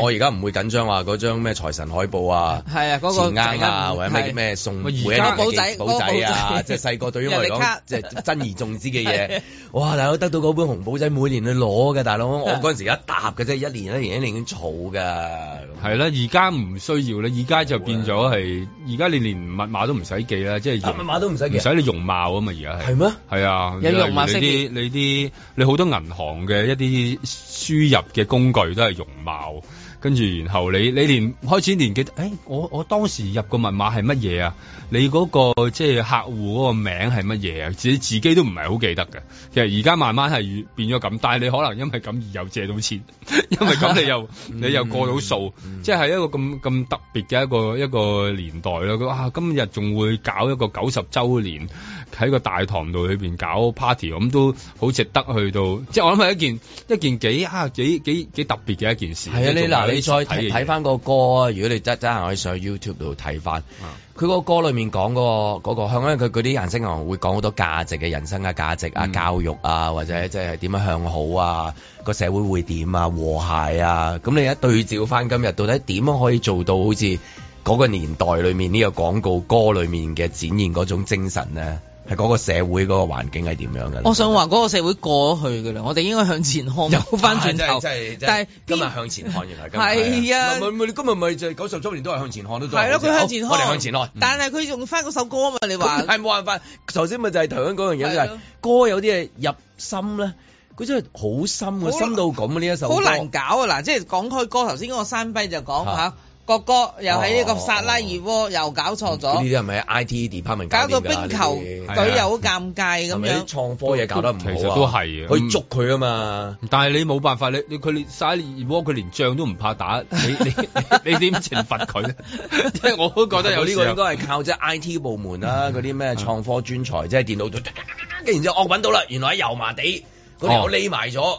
我而家唔會緊張話嗰張咩財神海報啊，係啊，嗰、那個錢啊，或者咩咩、啊、送每一寶仔，寶仔啊，寶仔啊 *laughs* 即係細個對於我嚟講，即係珍而重之嘅嘢、 *laughs* 啊。哇！大佬得到嗰本紅寶仔每年去攞嘅，大佬，我嗰陣時一沓嘅啫，一年。已經已經儲噶係啦，而家唔需要啦。而家就變咗係，而家你連密碼都唔使記啦，即係密碼都唔使記，唔使你容貌啊嘛。而家係係咩？係啊，你啲，你啲你好多銀行嘅一啲輸入嘅工具都係容貌。跟住，然後你你連開始連記得，誒，我我當時入個密碼係乜嘢啊？你嗰個即係客戶嗰個名係乜嘢啊？自己自己都唔係好記得嘅。其實而家慢慢係變咗咁，但係你可能因為咁而又借到錢，因為咁你又你又過到數，即係一個咁咁特別嘅一個一個年代咯。哇！今日仲會搞一個九十週年喺個大堂度裏邊搞 party，咁都好值得去到。即係我諗係一件一件幾啊幾幾幾特別嘅一件事。係啦，嗱你。你再睇睇翻個歌，如果你真真係可以上 YouTube 度睇翻，佢、嗯、個歌裏面講嗰個嗰個，因佢啲人生可能會講好多價值嘅人生嘅價值啊、嗯、教育啊，或者即係點樣向好啊，個社會會點啊、和諧啊，咁你一對照翻今日到底點樣可以做到好似嗰個年代裏面呢個廣告歌裏面嘅展現嗰種精神咧？係嗰個社會嗰個環境係點樣㗎咧？我想話嗰個社會過去㗎啦，我哋應該向前看。又翻轉頭，啊就是就是、但係今日向前看，原來今日。係啊，唔係唔係你今日咪就係九十周年都係向前看都得。係咯，佢向前看，向前看哦、我哋向前看。但係佢用翻嗰首歌啊嘛、嗯，你話。係冇辦法，頭先咪就係談緊嗰樣嘢，係、啊、歌有啲嘢入心咧，佢真係好深，好深到咁呢一首歌。好難搞啊！嗱，即係講開歌，頭先嗰個山賓就講、啊哥哥又喺呢個薩拉熱窩、哦、又搞錯咗，呢啲係咪 I T department 搞到冰球隊又好尷尬咁、啊、樣？係咪創科嘢搞得唔好、啊，都係嘅，去捉佢啊嘛！嗯、但係你冇辦法，你你佢薩拉熱窩佢連仗都唔怕打，你你你點懲罰佢咧？即 *laughs* 係 *laughs* *laughs* 我都覺得有呢個應該係靠即係 I T 部門啦，嗰啲咩創科專才， *laughs* 即係電腦，突然之間我揾到啦，原來喺油麻地嗰條我匿埋咗。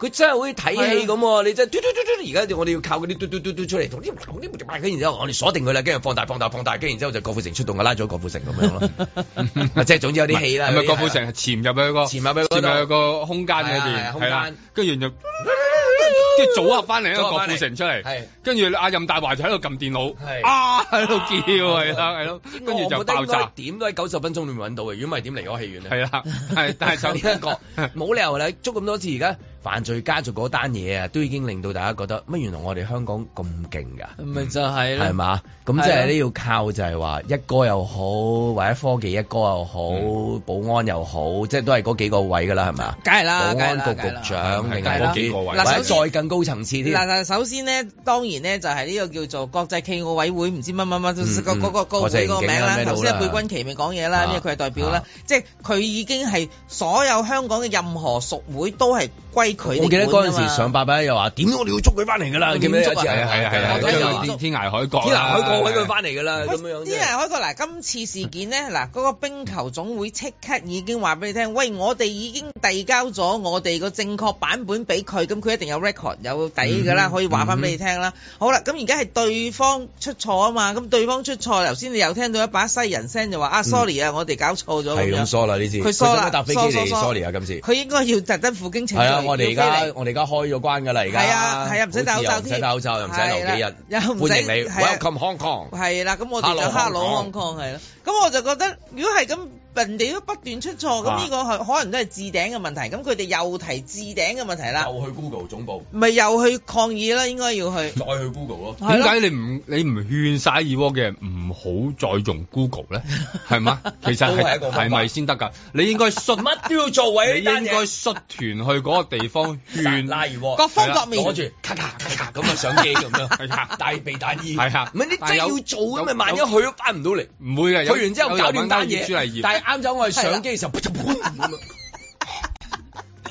佢真係好似睇戲咁，你真嘟嘟嘟嘟，而家我哋要靠嗰啲嘟嘟嘟嘟出嚟，同啲唔同啲唔同嘅，然之後我哋鎖定佢啦，跟住放大放大放大，跟住然之後就郭富城出動，拉咗郭富城咁樣咯。 *laughs* 即係總之有啲戲啦。係咪郭富城潛入去、嗰個潛入去個空間裏面？係啦、啊，跟住、啊啊、就即係組合翻嚟一個郭富城出嚟。跟住、啊啊、阿任達華就喺度撳電腦，喺度、啊、叫係跟住就爆炸。點都喺九十分鐘你唔搵到如果唔係點離開嗰戲院咧？係啦、啊啊，但係就呢一個冇理由你捉咁多次而家。犯罪家族嗰單嘢啊，都已經令到大家覺得乜？原來我哋香港咁勁㗎，咪就係、係、啦，係嘛？咁即係呢要靠就，就係話一哥又好，或者科技一哥又好、嗯，保安又好，即係都係嗰幾個位㗎啦，係嘛？梗係啦，保安局局長定係嗰幾個位，嗱，再更高層次啲。嗱首,首先呢，當然呢，就係呢個叫做國際 K 奧委會，唔知乜乜乜個個個會個名啦。頭先貝君奇咪講嘢啦，因為佢係代表啦、啊，即佢已經係所有香港嘅任何屬會都係歸。我記得嗰陣時上八百又話點解我哋要捉佢翻嚟㗎啦，捉係啊係啊係天涯海角，天涯海角揾佢翻嚟㗎啦咁樣天涯海角嗱，今次事件咧嗱，嗰、嗰個冰球總會即刻已經話俾你聽，喂我哋已經遞交咗我哋個正確版本俾佢，咁佢一定有 record 有底㗎啦、嗯，可以話翻俾你聽啦、嗯。好啦，咁而家係對方出錯啊嘛，咁對方出錯，頭先你又聽到一把西人聲就話啊 sorry 啊，我哋搞錯咗，係咁 sorry 呢次，佢疏啦，sorry 啊今次，佢應該要特登負荊請罪我。我哋而家我哋而家開咗關噶啦，而家係啊係啊，唔使戴口罩，唔使戴口罩，又唔使留幾日、啊，歡迎你、啊、Welcome Hong Kong 係啦、啊，咁我哋就 Hello Hong Kong 係啦、啊，咁我就覺得如果係咁。人哋都不斷出錯，咁、啊、呢、這個係可能都係置頂嘅問題。咁佢哋又提置頂嘅問題啦，又去 Google 總部，咪又去抗議啦。應該要去再去 Google 咯。點解你唔 *laughs* 你唔勸晒耳窩嘅唔好再用 Google 咧？係嘛？其實係咪先得㗎？ *laughs* 啊、是是 *laughs* 你應該率乜都要做位， *laughs* 你應該率團去嗰個地方勸。拉耳窩各方各面攞住咔咔咔咔咁嘅相機咁樣， *laughs* 這樣 *laughs* 大鼻大耳。係啊，唔係你真係要做咁咪萬一佢都翻唔到嚟？唔 *laughs* 會嘅，去完之後搞掂單嘢。 *laughs* *laughs* 啱走我去上機嘅時候，噗就 *laughs* 哼 *laughs*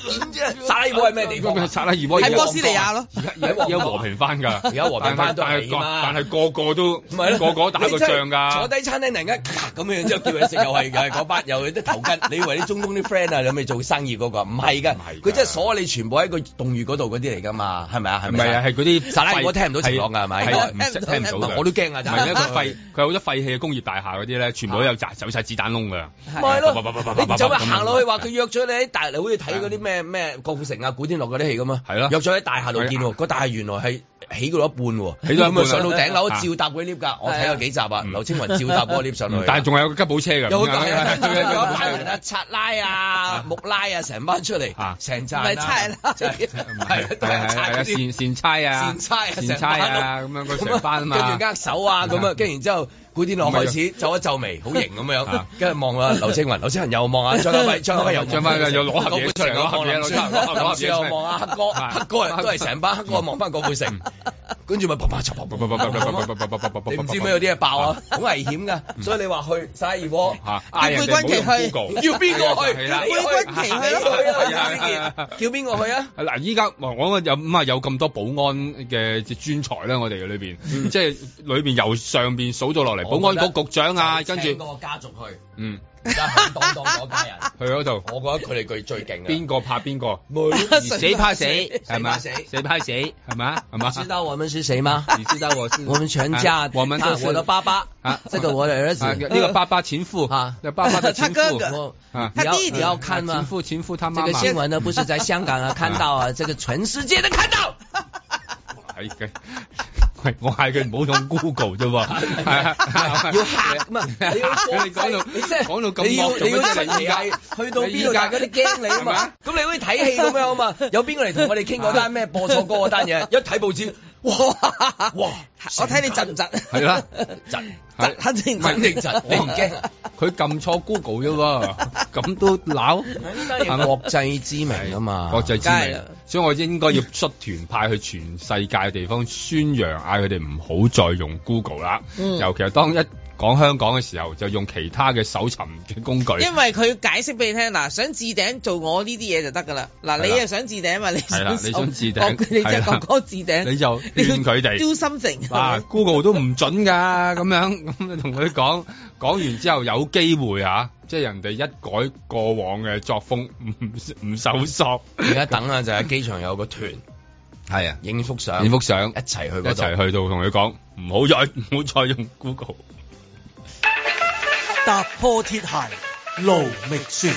沙拉爾摩係咩地方？喺波斯尼亞咯，而家而家和平翻㗎，而家和平翻都係但係個，個個都唔係啦，個個都打過仗㗎，就是。坐低餐廳突然間咁樣，之後叫你食又係又係嗰班，又有啲 *laughs* 頭巾。你以為啲中東啲 friend 啊，你咩做生意嗰，那個？唔係㗎，佢即係鎖咗你，全部喺一個凍獄嗰度嗰啲嚟㗎嘛？係咪啊？唔係啊，係嗰啲沙拉爾摩聽唔到情況咪？唔到，是是聽到是是。我都驚啊！真係。一個廢，佢好多廢氣嘅工業大廈嗰啲咧，全部都有扎走晒，啊，子彈窿㗎。係咯，就話行落去話佢約咗你喺大你好似睇嗰啲咩？咩咩郭富城啊，古天樂嗰啲戲咁啊，係咯，約咗喺大廈度見，個大廈原來係。起過到一半喎、哦，起咗一半、啊、上到頂樓，啊、照搭佢啲 lift 㗎，我睇過幾集啊。嗯、劉青雲照搭嗰啲 lift 上嚟、啊嗯，但係仲有個吉寶車㗎。有有架拆拉啊，木、啊、拉啊，成班出嚟，成扎，咪拆係啊，係啊，係線差啊，線差啊，線差啊，咁樣佢成班啊嘛，跟住握手啊咁啊，跟然之後古天樂開始皺一皺眉，好型咁樣，跟住望啊劉青雲，劉青雲又望啊，張家輝，張家輝又張翻又攞嘢出嚟，又望啊，黑哥、啊，黑哥、啊、都係成班黑哥望翻郭富城。啊。跟住咪砰砰嚓砰砰砰砰砰砰，唔知咩有啲嘢爆啊，好危險噶。所以你話去晒二鍋嚇，叫貝君奇去，叫邊個去？叫邊個去叫邊個去啊？嗱，依家、啊啊、我有咁啊，有咁多保安嘅專才啦，我哋裏邊，即、嗯、係、就是、裏邊由上邊數咗落嚟，保安局局長啊，跟住整個家族去，嗯。共產黨嗰家人去嗰度， *laughs* 我覺得佢哋最勁啊！邊個怕邊個？誰死怕死，係咪？死怕死，係咪啊？係嘛？知道我們是誰嗎？你知道我是？我們全家，我們的，我的爸爸，啊，這個我的兒子，那、啊這個爸爸情婦，哈、啊，這個、爸爸的情婦，你要看嗎情婦情婦，前夫前夫他媽這個新聞呢，不是在香港啊，看到啊，這個全世界都看到。 *laughs* 我嗌佢唔好用 Google 啫噃 *laughs* 不是，係啊，要嚇唔係？你講 *laughs* 到，你即係講到咁惡，你要你要，你要去到邊度大家啲驚你啊嘛？咁你可以睇戲咁樣啊嘛，有邊個嚟同我哋傾過單咩播錯歌單嘢？ *laughs* 一睇報紙。哇哇！我睇你窒唔窒？係啦，窒，肯定肯定窒，你唔驚。佢撳 *laughs* 錯 Google 啫喎，咁都鬧，國際知名啊嘛，國際知名。所以我應該要率團派去全世界嘅地方宣揚，嗌佢哋唔好再用 Google 啦、嗯。尤其係當一講香港嘅時候就用其他嘅搜尋嘅工具，因為佢解釋俾你聽嗱，想置頂做我呢啲嘢就得噶啦。嗱，你又想置頂嘛？你想置頂，你就講 Google 置頂，啊、 *laughs* *laughs* 你就勸佢哋招心情 Google 都唔准噶，咁樣咁同佢講，講完之後有機會啊，即係人哋一改過往嘅作風，唔唔搜索。而家等啊，就喺機場有個團，係啊，影幅相，影幅相，一齊去一齊去到同佢講，唔好再唔好再用 Google。踏破鐵鞋無覓處。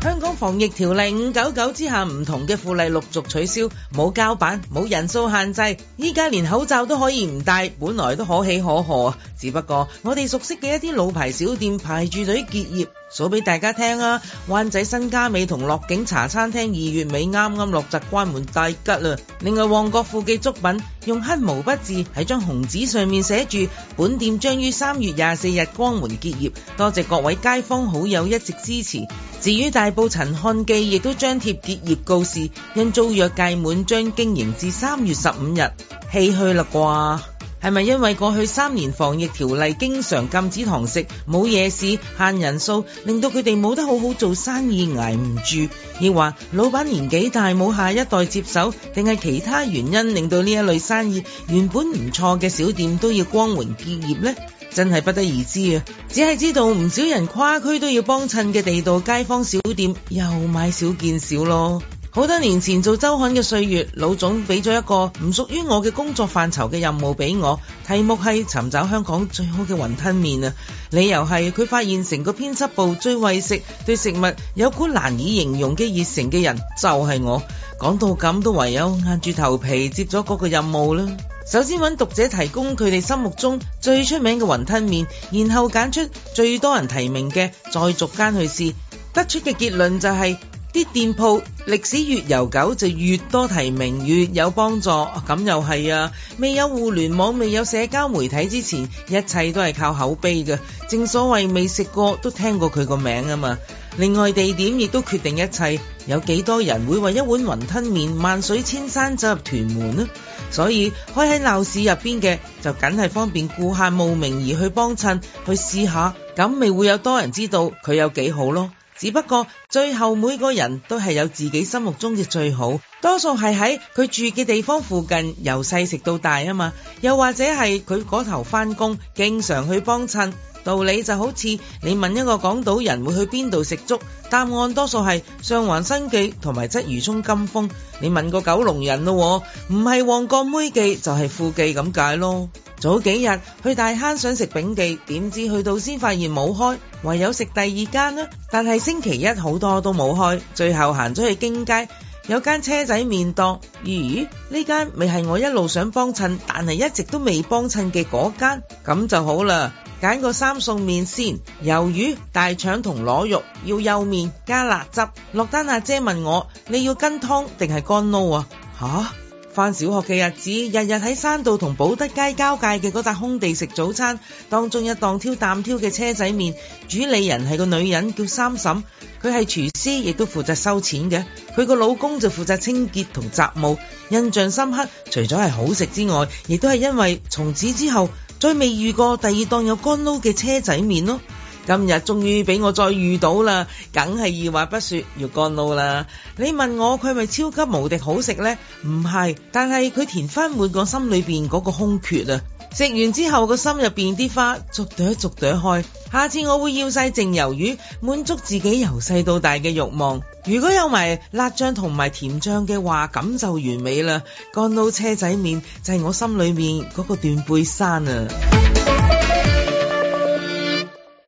香港防疫條例五九九之下，唔同嘅附例陸續取消，冇膠板，冇人數限制，依家連口罩都可以唔戴，本來都可喜可賀。只不過，我哋熟悉嘅一啲老牌小店排住隊結業。數俾大家聽啊！灣仔新家美同樂景茶餐廳二月尾啱啱落閘關門大吉啦！另外旺角富記粥品用黑毛筆字喺張紅紙上面寫住本店將於三月廿四日關門結業，多謝各位街坊好友一直支持。至於大埔陳漢記亦都張貼結業告示，因租約屆滿將經營至三月十五日，唏嘘啦啩！係咪因為過去三年防疫條例經常禁止堂食、冇夜市、限人數，令到佢哋冇得好好做生意，挨唔住？亦話老闆年紀大，冇下一代接手，定係其他原因令到呢一類生意原本唔錯嘅小店都要光榮結業呢？真係不得而知啊！只係知道唔少人跨區都要幫襯嘅地道街坊小店，又買少見少咯。好多年前做周刊嘅歲月，老總俾咗一個唔屬於我嘅工作範疇嘅任務俾我，題目係尋找香港最好嘅雲吞麵啊！理由係佢發現成個編輯部最為食、對食物有股難以形容嘅熱誠嘅人就係我，講到咁都唯有硬住頭皮接咗嗰個任務啦。首先揾讀者提供佢哋心目中最出名嘅雲吞麵，然後揀出最多人提名嘅，再逐間去試，得出嘅結論就係：啲店鋪歷史越悠久就越多提名，越有幫助。咁又係啊！未有互聯網、未有社交媒體之前，一切都係靠口碑嘅。正所謂未食過都聽過佢個名啊嘛。另外地點亦都決定一切，有幾多人會為一碗雲吞麵萬水千山走入屯門呢？所以開喺鬧市入邊嘅就梗係方便顧客慕名而去幫襯去試下，咁咪會有多人知道佢有幾好咯。只不過最後每個人都係有自己心目中嘅最好，多數係喺佢住嘅地方附近由細食到大啊嘛，又或者係佢嗰頭返工經常去幫襯。道理就好似你問一個港島人會去邊度食粥，答案多數係上環生記同埋鰂魚涌金峰。你問個九龍人咯，唔係旺角妹記就係、是、富記咁解咯。早幾日去大坑想食炳記，點知去到先發現冇開，唯有食第二間啦。但係星期一好多都冇開，最後行咗去京街。有間車仔麵檔，咦、嗯？呢間未係我一路想幫襯，但係一直都未幫襯嘅嗰間，咁就好啦。揀個三餸麵先，魷魚、大腸同螺肉，要幼麵加辣汁。落單阿姐問我，你要跟湯定係乾撈啊？吓？返小學嘅日子，日日喺山道同寶德街交界嘅嗰笪空地食早餐，當中一檔挑擔挑嘅車仔麵，主理人係個女人叫三嬸，佢係廚師，亦都負責收錢嘅。佢個老公就負責清潔同雜務。印象深刻，除咗係好食之外，亦都係因為從此之後再未遇過第二檔有乾撈嘅車仔麵咯。今日終於俾我再遇到啦，梗係二話不說要乾撈啦！你問我佢咪超級無敵好食呢？唔係，但係佢填翻每個心裏面嗰個空缺啊！食完之後個心入面啲花逐朵逐朵開，下次我會要晒淨魷魚，滿足自己由細到大嘅欲望。如果有埋辣醬同埋甜醬嘅話，咁就完美啦！乾撈車仔麵就係、是、我心裏面嗰個斷背山啊！